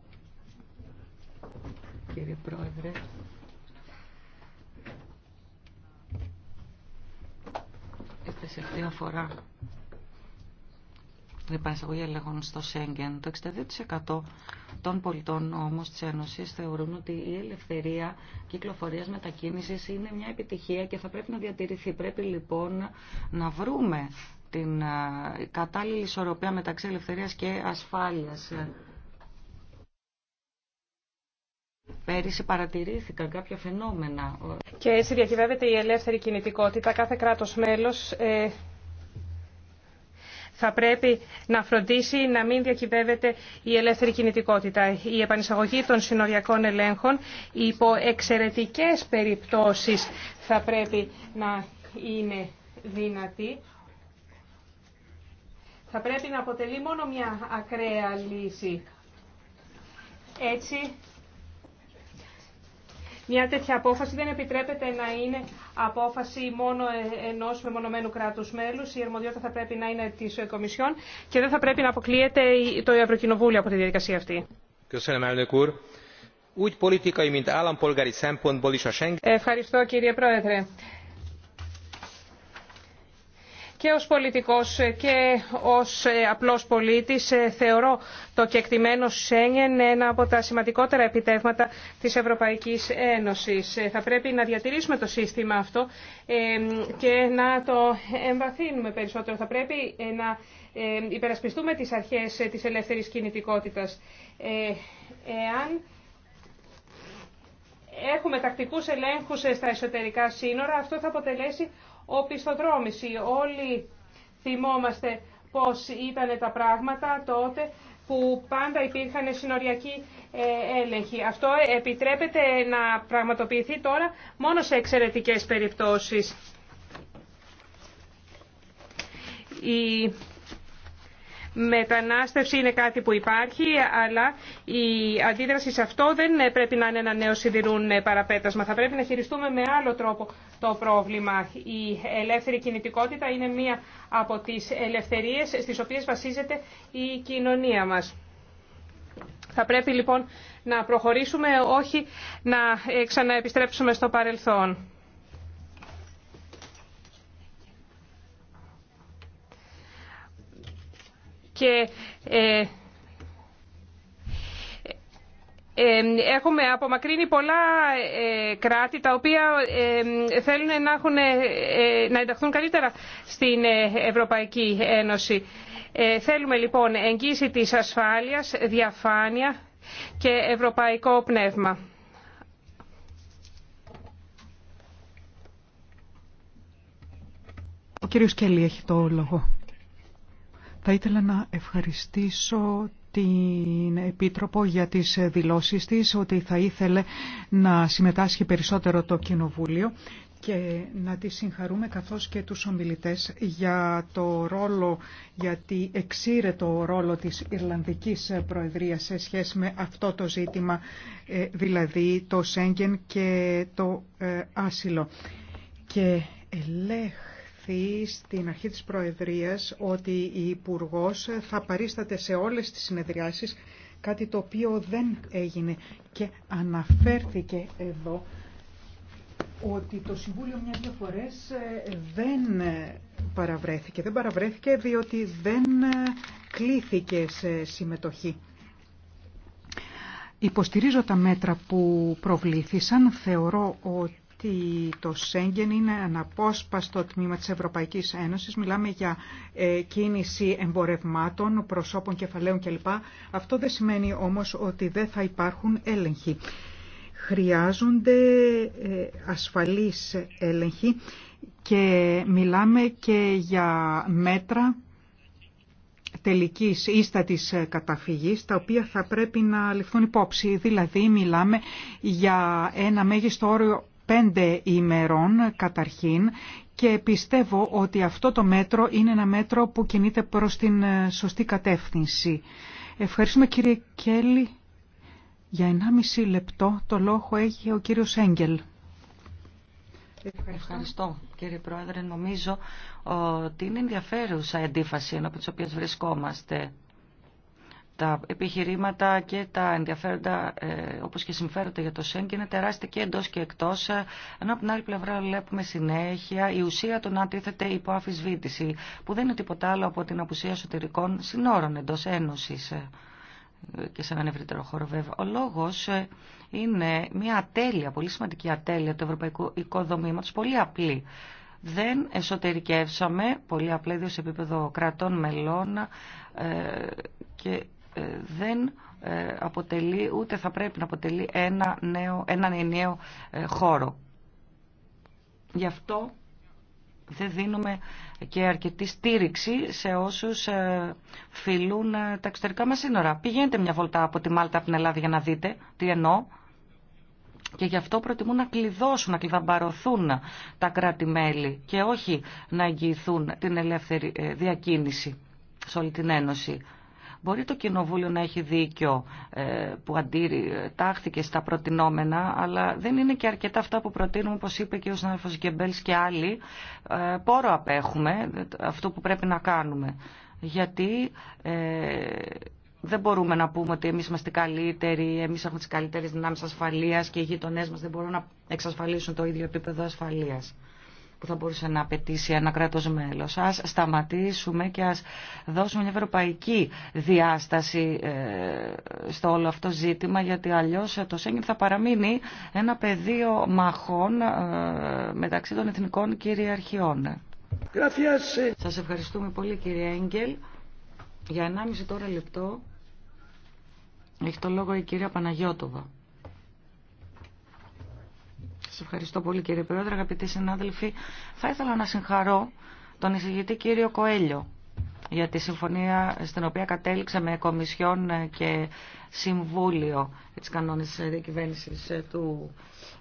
κύριε Πρόεδρε. Σε αυτή αφορά εγώ επανεισαγωγή ελέγχων στο Σέγγεν. Το 62% των πολιτών όμως της Ένωση θεωρούν ότι η ελευθερία κυκλοφορία μετακίνησης είναι μια επιτυχία και θα πρέπει να διατηρηθεί. Πρέπει λοιπόν να βρούμε την ε, κατάλληλη ισορροπία μεταξύ ελευθερίας και ασφάλειας. Πέρυσι παρατηρήθηκαν κάποια φαινόμενα. Και έτσι διακυβεύεται η ελεύθερη κινητικότητα. Κάθε κράτος μέλος ε, θα πρέπει να φροντίσει να μην διακυβεύεται η ελεύθερη κινητικότητα. Η επανεισαγωγή των συνοριακών ελέγχων υπό εξαιρετικές περιπτώσεις θα πρέπει να είναι δυνατή. Θα πρέπει να αποτελεί μόνο μια ακραία λύση. Έτσι μια τέτοια απόφαση δεν επιτρέπεται να είναι απόφαση μόνο ε, ενό μεμονωμένου κράτου μέλου. Η αρμοδιότητα θα πρέπει να είναι τη ε, Κομισιόν και δεν θα πρέπει να αποκλείεται το Ευρωκοινοβούλιο από τη διαδικασία αυτή. Ευχαριστώ κύριε Πρόεδρε και ως πολιτικός και ως ε, απλός πολίτης ε, θεωρώ το κεκτημένο Σέγγεν ένα από τα σημαντικότερα επιτεύγματα της Ευρωπαϊκής Ένωσης. Ε, θα πρέπει να διατηρήσουμε το σύστημα αυτό και να το εμβαθύνουμε περισσότερο. Θα πρέπει να υπερασπιστούμε τις αρχές της ελεύθερης κινητικότητας. Εάν έχουμε τακτικούς ελέγχους στα εσωτερικά σύνορα, αυτό θα αποτελέσει Όλοι θυμόμαστε πώς ήταν τα πράγματα τότε που πάντα υπήρχαν συνοριακοί ε, έλεγχοι. Αυτό επιτρέπεται να πραγματοποιηθεί τώρα μόνο σε εξαιρετικές περιπτώσεις. Η μετανάστευση είναι κάτι που υπάρχει, αλλά η αντίδραση σε αυτό δεν πρέπει να είναι ένα νέο σιδηρούν παραπέτασμα. Θα πρέπει να χειριστούμε με άλλο τρόπο το πρόβλημα. Η ελεύθερη κινητικότητα είναι μία από τις ελευθερίες στις οποίες βασίζεται η κοινωνία μας. Θα πρέπει λοιπόν να προχωρήσουμε, όχι να ε, ξαναεπιστρέψουμε στο παρελθόν. Και... Ε, έχουμε απομακρύνει πολλά ε, κράτη τα οποία θέλουν να, έχουν, ε, ε, να ενταχθούν καλύτερα στην Ευρωπαϊκή Ένωση. Θέλουμε λοιπόν εγγύηση της ασφάλειας, διαφάνεια και ευρωπαϊκό πνεύμα. Ο κύριος έχει το λόγο. Θα ήθελα να ευχαριστήσω την Επίτροπο για τις δηλώσεις της ότι θα ήθελε να συμμετάσχει περισσότερο το Κοινοβούλιο και να τη συγχαρούμε καθώς και τους ομιλητές για το ρόλο, γιατί εξήρετο ρόλο της Ιρλανδικής Προεδρίας σε σχέση με αυτό το ζήτημα, ε, δηλαδή το Σέγγεν και το ε, άσυλο. Και ελέγχ στην αρχή της Προεδρίας ότι η υπουργό θα παρίσταται σε όλες τις συνεδριάσεις, κάτι το οποίο δεν έγινε και αναφέρθηκε εδώ ότι το Συμβούλιο μια-δυο φορές ε, δεν παραβρέθηκε. Δεν παραβρέθηκε διότι δεν ε, κλήθηκε σε συμμετοχή. Υποστηρίζω τα μέτρα που προβλήθησαν. Θεωρώ ότι ότι το Σέγγεν είναι αναπόσπαστο τμήμα της Ευρωπαϊκής Ένωσης. Μιλάμε για ε, κίνηση εμπορευμάτων, προσώπων, κεφαλαίων κλπ. Αυτό δεν σημαίνει όμως ότι δεν θα υπάρχουν έλεγχοι. Χρειάζονται ε, ασφαλείς έλεγχοι και μιλάμε και για μέτρα τελικής ίστατης καταφυγής, τα οποία θα πρέπει να ληφθούν υπόψη. Δηλαδή μιλάμε για ένα μέγιστο όριο πέντε ημερών καταρχήν και πιστεύω ότι αυτό το μέτρο είναι ένα μέτρο που κινείται προς την ε, σωστή κατεύθυνση. Ευχαριστούμε κύριε Κέλλη. Για 1,5 λεπτό το λόγο έχει ο κύριος Έγγελ. Ευχαριστώ. Ευχαριστώ κύριε Πρόεδρε. Νομίζω ότι είναι ενδιαφέρουσα η αντίφαση από τις οποίες βρισκόμαστε τα επιχειρήματα και τα ενδιαφέροντα ε, όπως και συμφέροντα για το και είναι τεράστια και εντός και εκτός ενώ από την άλλη πλευρά βλέπουμε συνέχεια η ουσία του να αντίθεται υπό αφισβήτηση που δεν είναι τίποτα άλλο από την απουσία εσωτερικών συνόρων εντός Ένωσης ε, και σε έναν ευρύτερο χώρο βέβαια. Ο λόγος ε, είναι μια ατέλεια, πολύ σημαντική ατέλεια του ευρωπαϊκού οικοδομήματος, πολύ απλή δεν εσωτερικεύσαμε, πολύ απλά σε επίπεδο κρατών μελών και αποτελεί, ούτε θα πρέπει να αποτελεί ένα νέο, έναν ενιαίο ε, χώρο. Γι' αυτό δεν δίνουμε και αρκετή στήριξη σε όσους ε, φιλούν ε, τα εξωτερικά μας σύνορα. Πηγαίνετε μια βολτά από τη Μάλτα από την Ελλάδα για να δείτε τι εννοώ. Και γι' αυτό προτιμούν να κλειδώσουν, να κλειδαμπαρωθούν τα κράτη-μέλη και όχι να εγγυηθούν την ελεύθερη διακίνηση σε όλη την Ένωση. Μπορεί το Κοινοβούλιο να έχει δίκιο ε, που ε, τάχθηκε στα προτινόμενα, αλλά δεν είναι και αρκετά αυτά που προτείνουμε, όπως είπε και ο συνάδελφος Γκεμπέλς και άλλοι. Ε, πόρο απέχουμε αυτό που πρέπει να κάνουμε. Γιατί δεν μπορούμε να πούμε ότι εμείς είμαστε καλύτεροι, εμείς έχουμε τις καλύτερες δυνάμεις ασφαλείας και οι γείτονές μας δεν μπορούν να εξασφαλίσουν το ίδιο επίπεδο ασφαλείας που θα μπορούσε να απαιτήσει ένα κράτος μέλος. Ας σταματήσουμε και ας δώσουμε μια ευρωπαϊκή διάσταση ε, στο όλο αυτό ζήτημα, γιατί αλλιώς το Σέγγεν θα παραμείνει ένα πεδίο μαχών ε, μεταξύ των εθνικών κυριαρχιών. Σα Σας ευχαριστούμε πολύ κύριε Έγγελ. Για 1,5 τώρα λεπτό έχει το λόγο η κυρία Παναγιώτοβα. Σας ευχαριστώ πολύ κύριε Πρόεδρε, αγαπητοί συνάδελφοι. Θα ήθελα να συγχαρώ τον εισηγητή κύριο Κοέλιο για τη συμφωνία στην οποία κατέληξε με Κομισιόν και Συμβούλιο τη κανόνες διακυβέρνησης του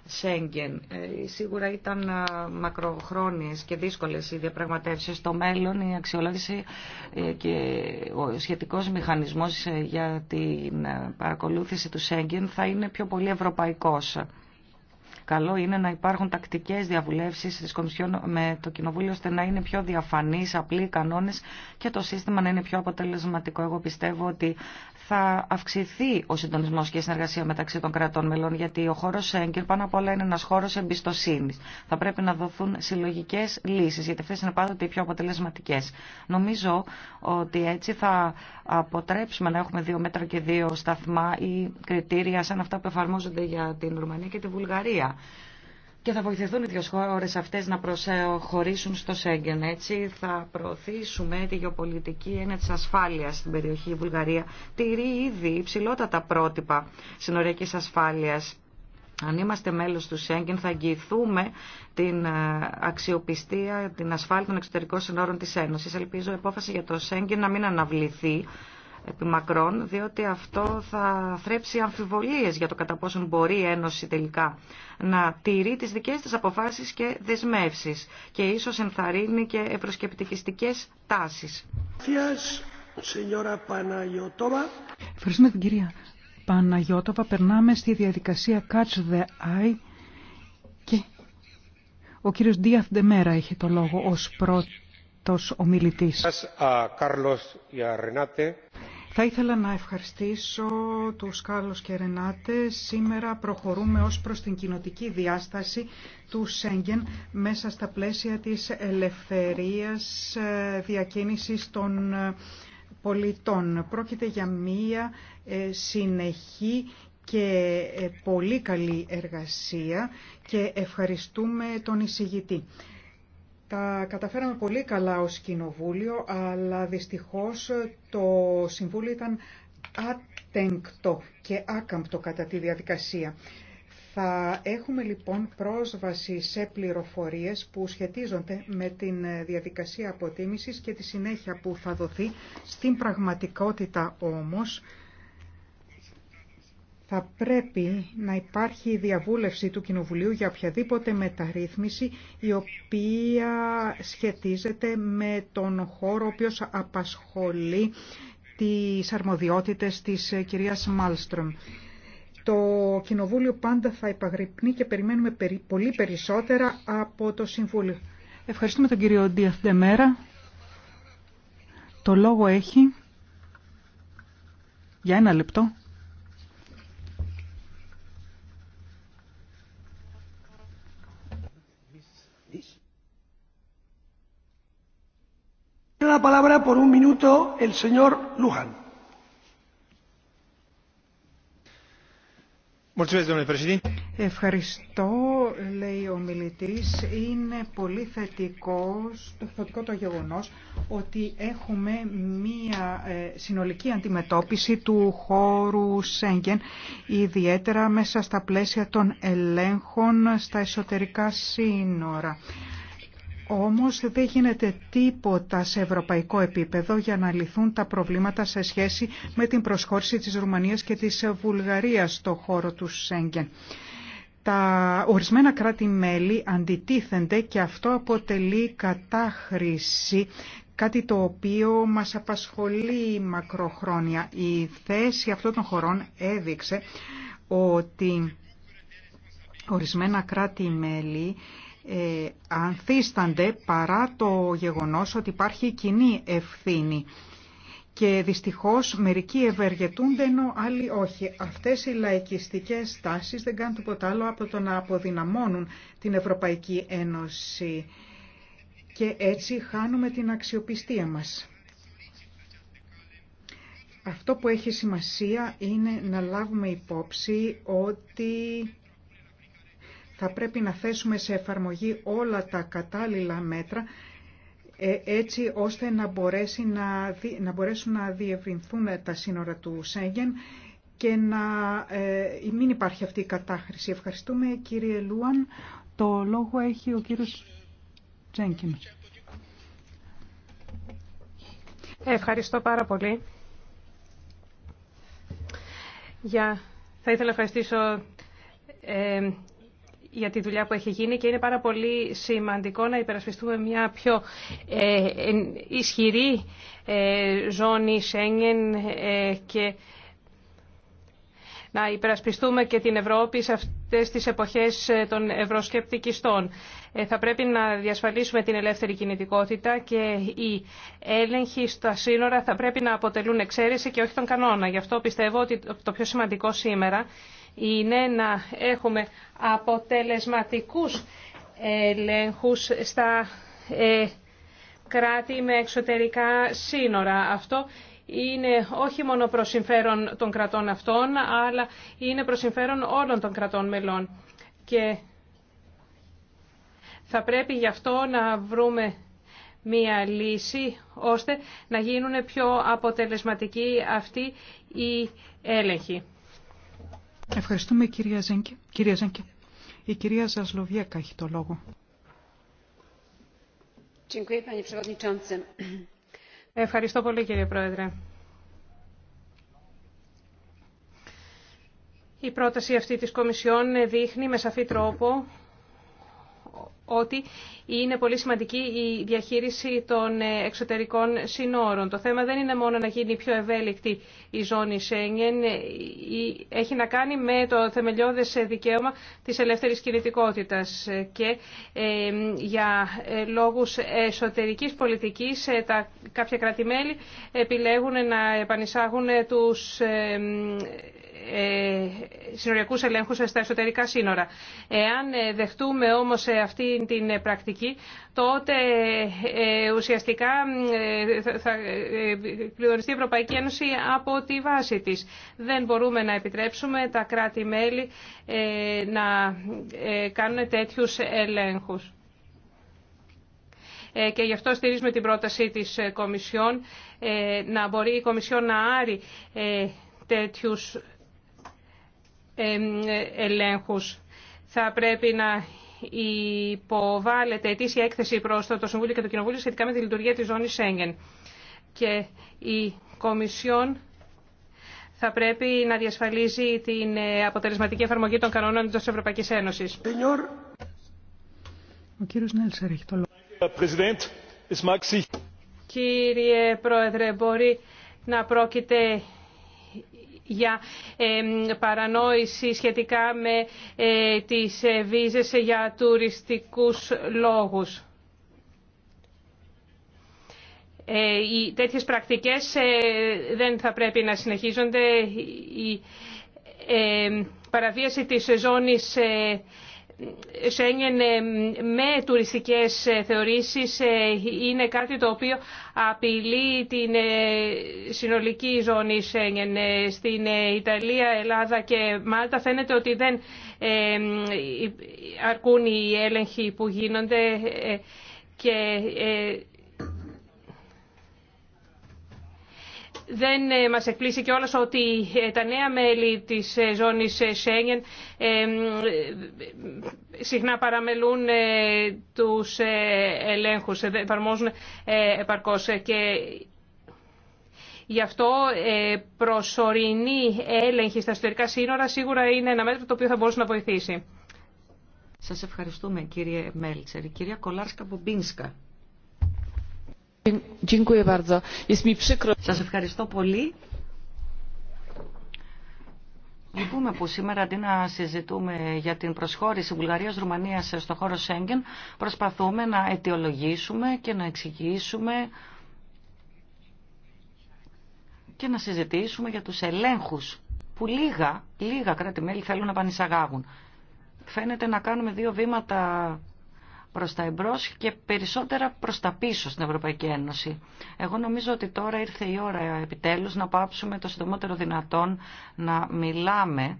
Σέγγεν. Ε, σίγουρα ήταν ε, μακροχρόνιες και δύσκολες οι διαπραγματεύσεις. Στο μέλλον η αξιολόγηση ε, και ο σχετικός μηχανισμός για την παρακολούθηση του Σέγγεν θα είναι πιο πολύ ευρωπαϊκός. Καλό είναι να υπάρχουν τακτικές διαβουλεύσεις στις Κομισιόν με το Κοινοβούλιο ώστε να είναι πιο διαφανείς, απλοί οι κανόνες και το σύστημα να είναι πιο αποτελεσματικό. Εγώ πιστεύω ότι θα αυξηθεί ο συντονισμό και η συνεργασία μεταξύ των κρατών μελών, γιατί ο χώρο Σέγγεν πάνω απ' όλα είναι ένα χώρο εμπιστοσύνη. Θα πρέπει να δοθούν συλλογικέ λύσει, γιατί αυτέ είναι πάντοτε οι πιο αποτελεσματικέ. Νομίζω ότι έτσι θα αποτρέψουμε να έχουμε δύο μέτρα και δύο σταθμά ή κριτήρια σαν αυτά που εφαρμόζονται για την Ρουμανία και τη Βουλγαρία και θα βοηθηθούν οι δύο χώρε αυτές να προχωρήσουν στο Σέγγεν. Έτσι θα προωθήσουμε τη γεωπολιτική έννοια τη ασφάλειας στην περιοχή η Βουλγαρία. Τηρεί ήδη υψηλότατα πρότυπα συνοριακής ασφάλειας. Αν είμαστε μέλος του Σέγγεν θα αγγιηθούμε την ε, αξιοπιστία, την ασφάλεια των εξωτερικών συνόρων της Ένωσης. Ελπίζω η απόφαση για το Σέγγεν να μην αναβληθεί διότι αυτό θα θρέψει αμφιβολίες για το κατά πόσον μπορεί η Ένωση τελικά να τηρεί τις δικές της αποφάσεις και δεσμεύσεις και ίσως ενθαρρύνει και ευρωσκεπτικιστικές τάσεις. Ευχαριστούμε την κυρία Παναγιώτοβα. Περνάμε στη διαδικασία Catch the Eye και ο κύριος Ντίαθ Ντεμέρα έχει το λόγο ως πρώτος ομιλητής. Θα ήθελα να ευχαριστήσω τους Κάλλος και Ρενάτε. Σήμερα προχωρούμε ως προς την κοινοτική διάσταση του Σέγγεν μέσα στα πλαίσια της ελευθερίας ε, διακίνησης των ε, πολιτών. Πρόκειται για μία ε, συνεχή και πολύ καλή εργασία και ευχαριστούμε τον εισηγητή. Τα καταφέραμε πολύ καλά ως Κοινοβούλιο, αλλά δυστυχώς το Συμβούλιο ήταν άτεγκτο και άκαμπτο κατά τη διαδικασία. Θα έχουμε λοιπόν πρόσβαση σε πληροφορίες που σχετίζονται με την διαδικασία αποτίμησης και τη συνέχεια που θα δοθεί στην πραγματικότητα όμως θα πρέπει να υπάρχει διαβούλευση του Κοινοβουλίου για οποιαδήποτε μεταρρύθμιση η οποία σχετίζεται με τον χώρο ο οποίος απασχολεί τις αρμοδιότητες της κυρίας Μάλστρομ. Το Κοινοβούλιο πάντα θα υπαγρυπνεί και περιμένουμε πολύ περισσότερα από το Συμβούλιο. Ευχαριστούμε τον κύριο Ντίαθ Το λόγο έχει για ένα λεπτό Ευχαριστώ, λέει ο μιλητής. Είναι πολύ θετικό, θετικό το γεγονός ότι έχουμε μία ε, συνολική αντιμετώπιση του χώρου Σέγγεν, ιδιαίτερα μέσα στα πλαίσια των ελέγχων στα εσωτερικά σύνορα. Όμως δεν γίνεται τίποτα σε ευρωπαϊκό επίπεδο για να λυθούν τα προβλήματα σε σχέση με την προσχώρηση της Ρουμανίας και της Βουλγαρίας στο χώρο του Σέγγεν. Τα ορισμένα κράτη-μέλη αντιτίθενται και αυτό αποτελεί κατάχρηση κάτι το οποίο μας απασχολεί μακροχρόνια. Η θέση αυτών των χωρών έδειξε ότι ορισμένα κράτη-μέλη ε, ανθίστανται παρά το γεγονός ότι υπάρχει κοινή ευθύνη. Και δυστυχώς μερικοί ευεργετούνται ενώ άλλοι όχι. Αυτές οι λαϊκιστικές τάσεις δεν κάνουν τίποτα άλλο από το να αποδυναμώνουν την Ευρωπαϊκή Ένωση. Και έτσι χάνουμε την αξιοπιστία μας. Αυτό που έχει σημασία είναι να λάβουμε υπόψη ότι θα πρέπει να θέσουμε σε εφαρμογή όλα τα κατάλληλα μέτρα ε, έτσι ώστε να, μπορέσει να, να μπορέσουν να διευρυνθούν τα σύνορα του Σέγγεν και να ε, μην υπάρχει αυτή η κατάχρηση. Ευχαριστούμε κύριε Λούαν. Το λόγο έχει ο κύριος Τζένκιν. Ευχαριστώ πάρα πολύ. Για... Θα ήθελα να ευχαριστήσω ε, για τη δουλειά που έχει γίνει και είναι πάρα πολύ σημαντικό να υπερασπιστούμε μια πιο ε, ισχυρή ε, ζώνη Σέγγεν ε, και να υπερασπιστούμε και την Ευρώπη σε αυτές τις εποχές των ευρωσκεπτικιστών. Θα πρέπει να διασφαλίσουμε την ελεύθερη κινητικότητα και οι έλεγχοι στα σύνορα θα πρέπει να αποτελούν εξαίρεση και όχι τον κανόνα. Γι' αυτό πιστεύω ότι το πιο σημαντικό σήμερα είναι να έχουμε αποτελεσματικούς ελέγχους στα ε, κράτη με εξωτερικά σύνορα. Αυτό είναι όχι μόνο τον συμφέρον των κρατών αυτών, αλλά είναι προ συμφέρον όλων των κρατών μελών. Και θα πρέπει γι' αυτό να βρούμε μία λύση ώστε να γίνουν πιο αποτελεσματικοί αυτοί οι έλεγχοι. Ευχαριστούμε κυρία Ζένκη. Κυρία Ζένκη, Η κυρία Ζασλοβιέκα έχει το λόγο. Ευχαριστώ πολύ κύριε Πρόεδρε. Η πρόταση αυτή της Κομισιόν δείχνει με σαφή τρόπο ότι είναι πολύ σημαντική η διαχείριση των ε, εξωτερικών συνόρων. Το θέμα δεν είναι μόνο να γίνει πιο ευέλικτη η ζώνη Σέγγεν, ε, έχει να κάνει με το θεμελιώδες ε, δικαίωμα της ελεύθερης κινητικότητας και για λόγους εσωτερικής πολιτικής τα, κάποια κράτη-μέλη επιλέγουν να επανεισάγουν τους ε, συνοριακούς ελέγχους στα εσωτερικά σύνορα. Εάν ε, δεχτούμε όμως ε, αυτή την πρακτική, τότε ουσιαστικά θα η Ευρωπαϊκή Ένωση από τη βάση της. Δεν μπορούμε να επιτρέψουμε τα κράτη-μέλη να κάνουν τέτοιους ελέγχους και γι' αυτό στηρίζουμε την πρόταση της Κομισιόν να μπορεί η Κομισιόν να άρει τέτοιους ελέγχους. Θα πρέπει να υποβάλλεται ετήσια έκθεση προς το Συμβούλιο και το Κοινοβούλιο σχετικά με τη λειτουργία της ζώνης Σέγγεν. Και η Κομισιόν θα πρέπει να διασφαλίζει την ε, αποτελεσματική εφαρμογή των κανόνων της Ευρωπαϊκής Ένωσης. Ο Κύριε Πρόεδρε, μπορεί να πρόκειται για παρανόηση σχετικά με ε, τις ε, βίζες για τουριστικούς λόγους. Ε, οι τέτοιες πρακτικές δεν θα πρέπει να συνεχίζονται. Η παραβίαση της ζώνης Σέγγεν ε, με τουριστικές ε, θεωρήσεις ε, είναι κάτι το οποίο απειλεί την συνολική ζώνη Σέγγεν. Στην Ιταλία, Ελλάδα και Μάλτα φαίνεται ότι δεν αρκούν οι έλεγχοι που γίνονται και δεν ε, μας εκπλήσει και όλος ότι ε, τα νέα μέλη της ε, ζώνης Σέγγεν συχνά παραμελούν τους ελέγχους, δεν εφαρμόζουν επαρκώς και Γι' αυτό προσωρινή έλεγχη στα εσωτερικά σύνορα σίγουρα είναι ένα μέτρο το οποίο θα μπορούσε να βοηθήσει. Σας ευχαριστούμε κύριε Μέλτσερ. Κυρία Κολάρσκα Μπομπίνσκα. Σας ευχαριστώ πολύ. Λυπούμε που σήμερα αντί να συζητούμε για την προσχώρηση Βουλγαρίας-Ρουμανίας στο χώρο Σέγγεν, προσπαθούμε να αιτιολογήσουμε και να εξηγήσουμε και να συζητήσουμε για τους ελέγχους που λίγα, λίγα κράτη-μέλη θέλουν να πανησαγάγουν. Φαίνεται να κάνουμε δύο βήματα προς τα εμπρός και περισσότερα προς τα πίσω στην Ευρωπαϊκή Ένωση. Εγώ νομίζω ότι τώρα ήρθε η ώρα επιτέλους να πάψουμε το συντομότερο δυνατόν να μιλάμε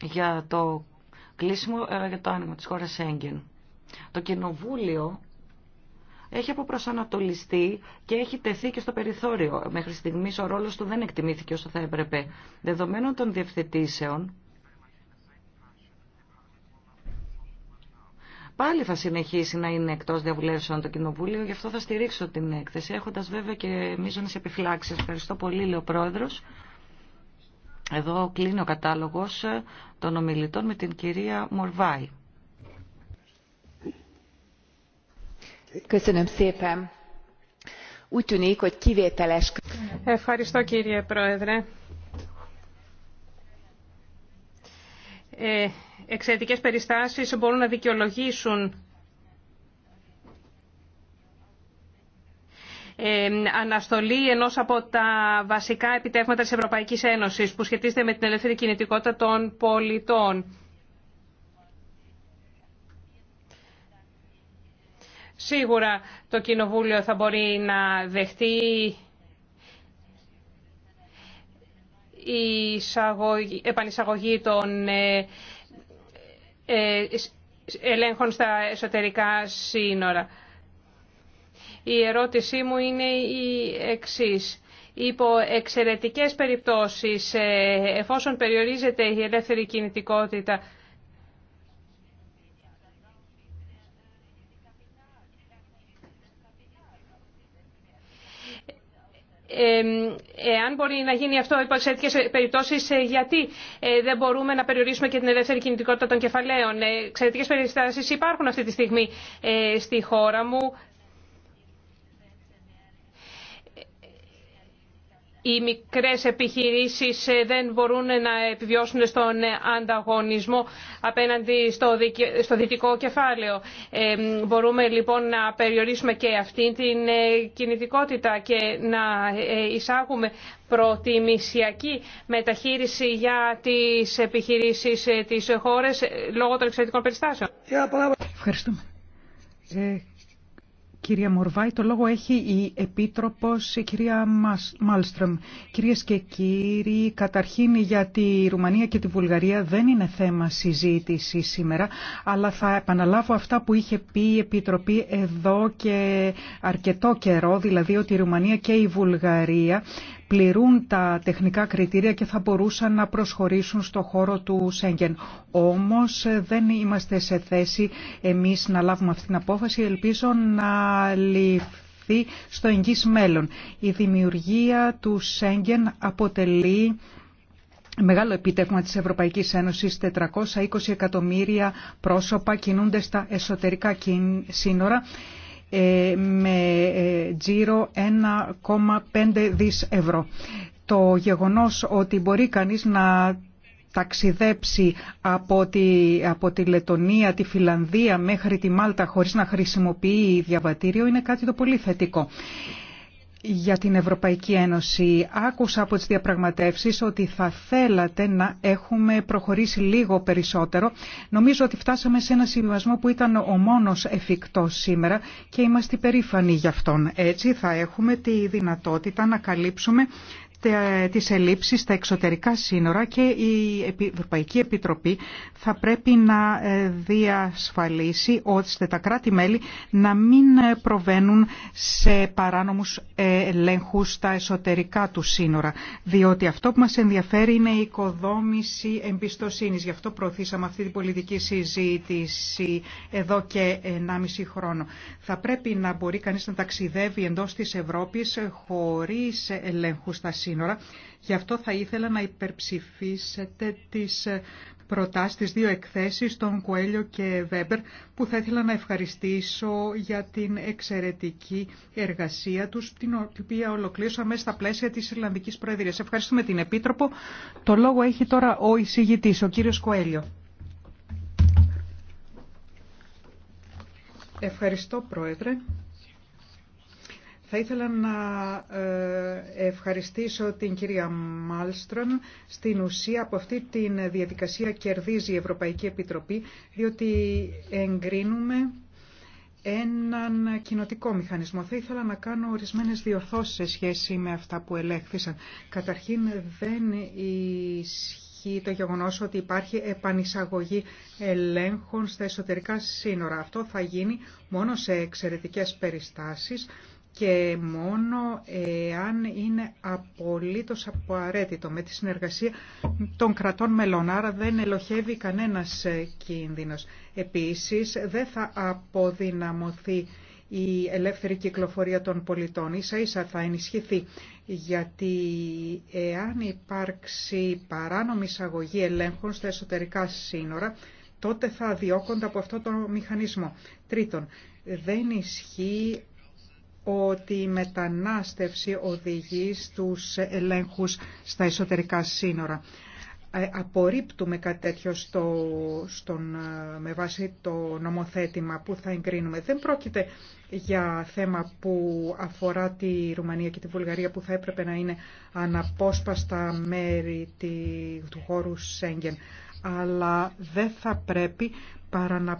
για το κλείσιμο ε, για το άνοιγμα της χώρας Σέγγεν. Το Κοινοβούλιο έχει αποπροσανατολιστεί και έχει τεθεί και στο περιθώριο. Μέχρι στιγμής ο ρόλος του δεν εκτιμήθηκε όσο θα έπρεπε. Δεδομένων των διευθετήσεων, πάλι θα συνεχίσει να είναι εκτός διαβουλεύσεων το Κοινοβούλιο, γι' αυτό θα στηρίξω την έκθεση, έχοντα βέβαια και μείζονες επιφυλάξει. Ευχαριστώ πολύ, λέει ο πρόεδρο, Εδώ κλείνει ο κατάλογο των ομιλητών με την κυρία Μορβάη. Ευχαριστώ κύριε Πρόεδρε. Ε, εξαιρετικές περιστάσεις μπορούν να δικαιολογήσουν ε, αναστολή ενός από τα βασικά επιτεύγματα της Ευρωπαϊκής Ένωσης που σχετίζεται με την ελεύθερη κινητικότητα των πολιτών. Σίγουρα το Κοινοβούλιο θα μπορεί να δεχτεί η επανεισαγωγή των ε, ε, ελέγχων στα εσωτερικά σύνορα. Η ερώτησή μου είναι η εξής. Υπό εξαιρετικές περιπτώσεις, ε, εφόσον περιορίζεται η ελεύθερη κινητικότητα, εάν μπορεί να γίνει αυτό υπό εξαιρετικέ περιπτώσει, ε, γιατί ε, δεν μπορούμε να περιορίσουμε και την ελεύθερη κινητικότητα των κεφαλαίων. Ε, εξαιρετικέ περιστάσει υπάρχουν αυτή τη στιγμή στη χώρα μου. οι μικρές επιχειρήσεις ε, δεν μπορούν να επιβιώσουν στον ε, ανταγωνισμό απέναντι στο δυτικό κεφάλαιο. Ε, μπορούμε λοιπόν να περιορίσουμε και αυτή την κινητικότητα και να εισάγουμε προτιμησιακή μεταχείριση για τις επιχειρήσεις της χώρας λόγω των εξαιρετικών περιστάσεων. Ευχαριστούμε. Κυρία Μορβάη, το λόγο έχει η Επίτροπος, η κυρία Μάλστρομ. Κυρίες και κύριοι, καταρχήν γιατί η Ρουμανία και τη Βουλγαρία δεν είναι θέμα συζήτηση σήμερα, αλλά θα επαναλάβω αυτά που είχε πει η Επιτροπή εδώ και αρκετό καιρό, δηλαδή ότι η Ρουμανία και η Βουλγαρία πληρούν τα τεχνικά κριτήρια και θα μπορούσαν να προσχωρήσουν στο χώρο του Σέγγεν. Όμως ε, δεν είμαστε σε θέση εμείς να λάβουμε αυτή την απόφαση. Ελπίζω να ληφθεί στο εγγύς μέλλον. Η δημιουργία του Σέγγεν αποτελεί μεγάλο επιτεύγμα της Ευρωπαϊκής Ένωσης, 420 εκατομμύρια πρόσωπα κινούνται στα εσωτερικά σύνορα ε, με ε, τζίρο 1,5 δις ευρώ. Το γεγονός ότι μπορεί κανείς να ταξιδέψει από τη, από τη Λετωνία, τη Φιλανδία μέχρι τη Μάλτα χωρίς να χρησιμοποιεί διαβατήριο είναι κάτι το πολύ θετικό για την Ευρωπαϊκή Ένωση. Άκουσα από τις διαπραγματεύσεις ότι θα θέλατε να έχουμε προχωρήσει λίγο περισσότερο. Νομίζω ότι φτάσαμε σε ένα συμβασμό που ήταν ο μόνος εφικτός σήμερα και είμαστε περήφανοι γι' αυτόν. Έτσι θα έχουμε τη δυνατότητα να καλύψουμε τις ελλείψεις στα εξωτερικά σύνορα και η Ευρωπαϊκή Επιτροπή θα πρέπει να ε, διασφαλίσει ώστε τα κράτη-μέλη να μην προβαίνουν σε παράνομους ε, ελέγχους στα εσωτερικά του σύνορα. Διότι αυτό που μας ενδιαφέρει είναι η οικοδόμηση εμπιστοσύνης. Γι' αυτό προωθήσαμε αυτή την πολιτική συζήτηση εδώ και 1,5 χρόνο. Θα πρέπει να μπορεί κανείς να ταξιδεύει εντός της Ευρώπης ε, χωρίς ελέγχους στα σύνορα σύνορα. Γι' αυτό θα ήθελα να υπερψηφίσετε τις ε, προτάσεις, τις δύο εκθέσεις, των Κουέλιο και Βέμπερ, που θα ήθελα να ευχαριστήσω για την εξαιρετική εργασία τους, την οποία ολοκλήρωσα μέσα στα πλαίσια της Ιρλανδικής Προεδρίας. Ευχαριστούμε την Επίτροπο. Το λόγο έχει τώρα ο εισηγητής, ο κύριος Κουέλιο. Ευχαριστώ, Πρόεδρε. Θα ήθελα να ε, ευχαριστήσω την κυρία Μάλστρον. Στην ουσία από αυτή τη διαδικασία κερδίζει η Ευρωπαϊκή Επιτροπή, διότι εγκρίνουμε έναν κοινοτικό μηχανισμό. Θα ήθελα να κάνω ορισμένες διορθώσεις σε σχέση με αυτά που ελέγχθησαν. Καταρχήν δεν ισχύει το γεγονός ότι υπάρχει επανεισαγωγή ελέγχων στα εσωτερικά σύνορα. Αυτό θα γίνει μόνο σε εξαιρετικές περιστάσεις και μόνο εάν είναι απολύτως απαραίτητο με τη συνεργασία των κρατών μελών. Άρα δεν ελοχεύει κανένας κίνδυνος. Επίσης δεν θα αποδυναμωθεί η ελεύθερη κυκλοφορία των πολιτών. Ίσα ίσα θα ενισχυθεί γιατί εάν υπάρξει παράνομη εισαγωγή ελέγχων στα εσωτερικά σύνορα τότε θα διώκονται από αυτό το μηχανισμό. Τρίτον, δεν ισχύει ότι η μετανάστευση οδηγεί στους ελέγχους στα εσωτερικά σύνορα. Ε, απορρίπτουμε κάτι τέτοιο στο, στον, ε, με βάση το νομοθέτημα που θα εγκρίνουμε. Δεν πρόκειται για θέμα που αφορά τη Ρουμανία και τη Βουλγαρία που θα έπρεπε να είναι αναπόσπαστα μέρη του χώρου Σέγγεν. Αλλά δεν θα πρέπει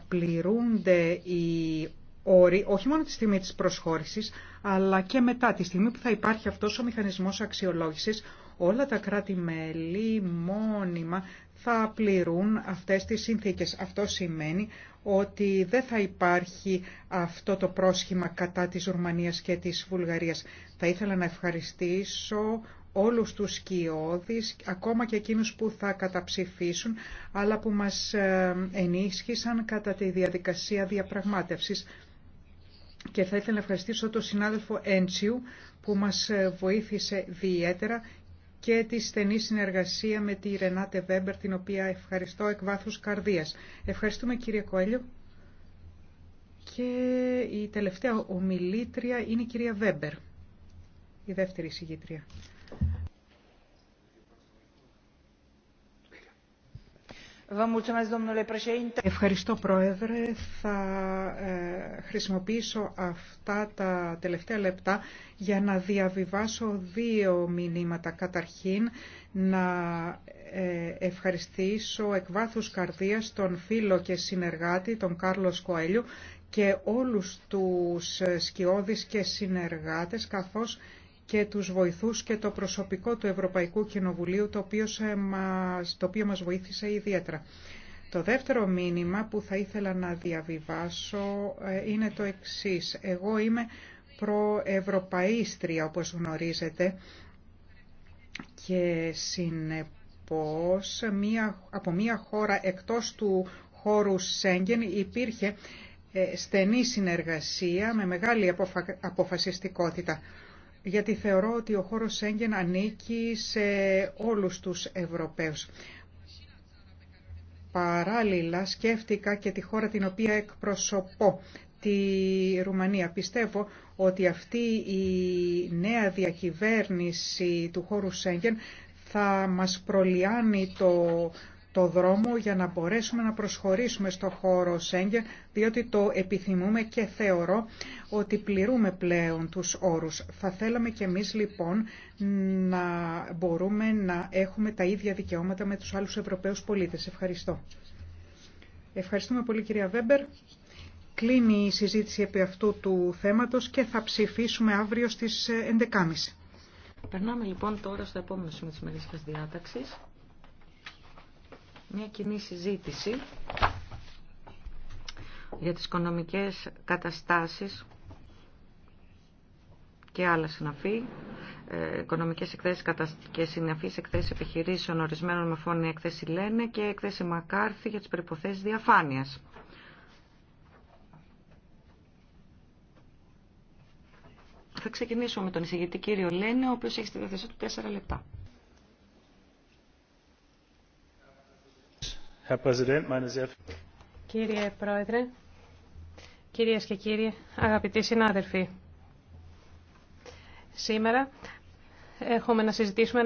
πληρούνται οι Όρη, όχι μόνο τη στιγμή της προσχώρησης, αλλά και μετά τη στιγμή που θα υπάρχει αυτός ο μηχανισμός αξιολόγησης, όλα τα κράτη-μέλη μόνιμα θα πληρούν αυτές τις συνθήκες. Αυτό σημαίνει ότι δεν θα υπάρχει αυτό το πρόσχημα κατά της Ρουμανίας και της Βουλγαρίας. Θα ήθελα να ευχαριστήσω όλους τους σκιώδεις, ακόμα και εκείνους που θα καταψηφίσουν, αλλά που μας ε, ενίσχυσαν κατά τη διαδικασία διαπραγμάτευσης και θα ήθελα να ευχαριστήσω τον συνάδελφο Έντσιου που μας ε, βοήθησε ιδιαίτερα και τη στενή συνεργασία με τη Ρενάτε Βέμπερ, την οποία ευχαριστώ εκ βάθους καρδίας. Ευχαριστούμε κύριε Κοέλιο. Και η τελευταία ομιλήτρια είναι η κυρία Βέμπερ, η δεύτερη συγκήτρια. Ευχαριστώ Πρόεδρε. Θα ε, χρησιμοποιήσω αυτά τα τελευταία λεπτά για να διαβιβάσω δύο μηνύματα. Καταρχήν, να ε, ευχαριστήσω εκ βάθους καρδίας τον φίλο και συνεργάτη, τον Κάρλος Κοέλιου και όλους τους σκιώδεις και συνεργάτες, καθώς και τους βοηθούς και το προσωπικό του Ευρωπαϊκού Κοινοβουλίου, το οποίο, σε μας, το οποίο μας βοήθησε ιδιαίτερα. Το δεύτερο μήνυμα που θα ήθελα να διαβιβάσω ε, είναι το εξής. Εγώ είμαι προευρωπαίστρια, όπως γνωρίζετε, και συνεπώς μία, από μία χώρα εκτός του χώρου Σέγγεν υπήρχε ε, στενή συνεργασία με μεγάλη αποφασιστικότητα γιατί θεωρώ ότι ο χώρος Σέγγεν ανήκει σε όλους τους Ευρωπαίους. Παράλληλα σκέφτηκα και τη χώρα την οποία εκπροσωπώ, τη Ρουμανία. Πιστεύω ότι αυτή η νέα διακυβέρνηση του χώρου Σέγγεν θα μας προλιάνει το το δρόμο για να μπορέσουμε να προσχωρήσουμε στο χώρο Σέγγεν, διότι το επιθυμούμε και θεωρώ ότι πληρούμε πλέον τους όρους. Θα θέλαμε κι εμείς λοιπόν να μπορούμε να έχουμε τα ίδια δικαιώματα με τους άλλους Ευρωπαίους πολίτες. Ευχαριστώ. Ευχαριστούμε πολύ κυρία Βέμπερ. Κλείνει η συζήτηση επί αυτού του θέματος και θα ψηφίσουμε αύριο στις 11.30. Ε, Περνάμε λοιπόν τώρα στο επόμενο σημείο της μερικής μια κοινή συζήτηση για τις οικονομικές καταστάσεις και άλλα συναφή, ε, οικονομικές εκθέσεις και συναφείς εκθέσεις επιχειρήσεων ορισμένων με φόνη εκθέση Λένε και εκθέση Μακάρθη για τις περιποθέσεις διαφάνειας. Θα ξεκινήσω με τον εισηγητή κύριο Λένε, ο οποίος έχει στη διάθεσή του 4 λεπτά. Κύριε Πρόεδρε, κυρίες και κύριοι, αγαπητοί συνάδελφοι, σήμερα έχουμε να συζητήσουμε